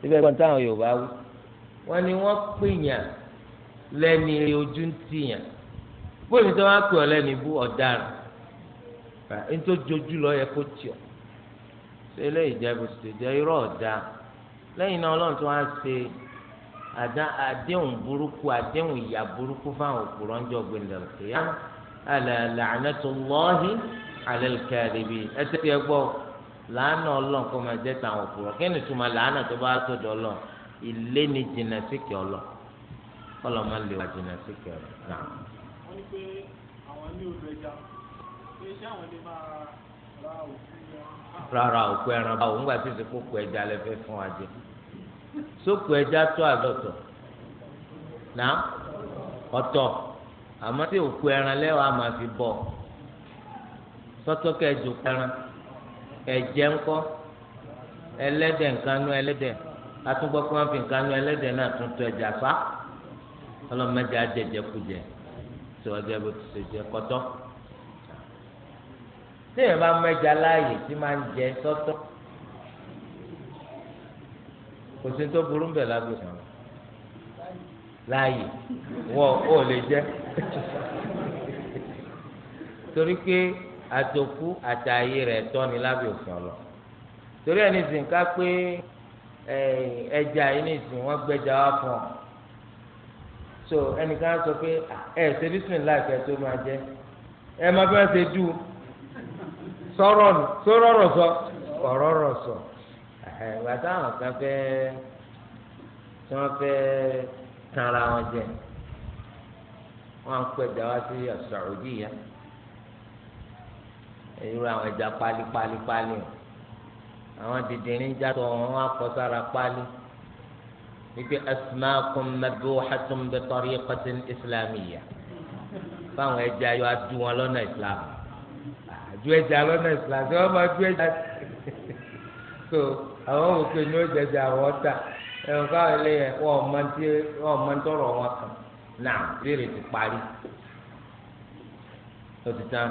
síbẹ̀ gbọ́n táwọn Yorùbá wí wọ́n ní wọ́n pèèyàn lẹ́ni ojú ń tìyàn bóyá tí wọ́n á pè ọ́ lẹ́ni bú ọ̀daràn ntójojú lọ yẹ kó tiọ̀ ṣé eléyìí jẹ́ bó ṣe jẹ́ irọ́ ọ̀dà lẹ́yìn náà Ọlọ́run tí wọ́n á ṣe àdéhùn burúkú àdéhùn ìyà burúkú fáwọn òkúrọ̀ ń jọ gbẹ̀ndẹ̀ lọ́kẹ́yà àlàlà ànátọ́lọ́hìn làánà ọlọ́n kó máa jẹ́ tàwọn òfurọ̀ kí ni túmọ̀ làánà tó bá sọ̀dọ̀ ọlọ́n ilé ni jìnnà síkì ọlọ́ kọ́lọ́ máa lè wà jìnnà síkì ọlọ́ wọ́n ní pé àwọn ẹja pé ṣé àwọn ra òkú ẹran. rárá òkú ẹran báwo tí ìsìnkú kú ẹ̀jẹ̀ ńkọ́ ẹlẹ́dẹ̀ nkanú ẹlẹ́dẹ̀ atúgbọ́ kí wọ́n fi nkanú ẹlẹ́dẹ̀ náà tún tu ẹ̀jẹ̀ afá ọlọ́mọdé ajẹ̀jẹ̀ kújẹ tó ọjọ́ bó ti ṣe jẹ kọ́tọ́ téèyàn bá mẹ́ja láàyè tí máa ń jẹ sọ́tọ́ kò sí tó burú bẹ̀ lágbèsàn láàyè wọ́n ò lè jẹ́ (laughs) torí pé àtòkú àtàyè rẹ̀ tọ́ni lábẹ́ òfin ọ̀lọ́ torí ẹni sìn ká pé ẹja yìí ní ìsìn wọn gbẹja wá fún ọ so ẹnìkan sọ pé ẹ ṣe bísímìláì kẹ tó máa jẹ ẹ má bí wọn ṣe dù sọ̀rọ̀ sọ̀rọ̀ sọ kọrọrọ sọ ìgbà táwọn kan fẹ́ tí wọn fẹ́ tanra wọn jẹ wọn pẹja wá sí Saudi yẹn irú àwọn ẹja pálí pálí pálí o àwọn dìdìrín jàdọ̀ wọn wá kọ́ sára pálí wípé asmaakum madbuhatun bi tariqatin islamiyya fáwọn ẹja yọ adu wọn lọ́nà islam adu ẹja lọ́nà islam tí wọ́n máa du ẹja so àwọn òkè ní ọjàjà àwọn ta ẹ̀rọ káwọn eléyẹ wọn ò tí wọn ò mọ tọrọ wọn kan náà rírì ti parí ó ti tán.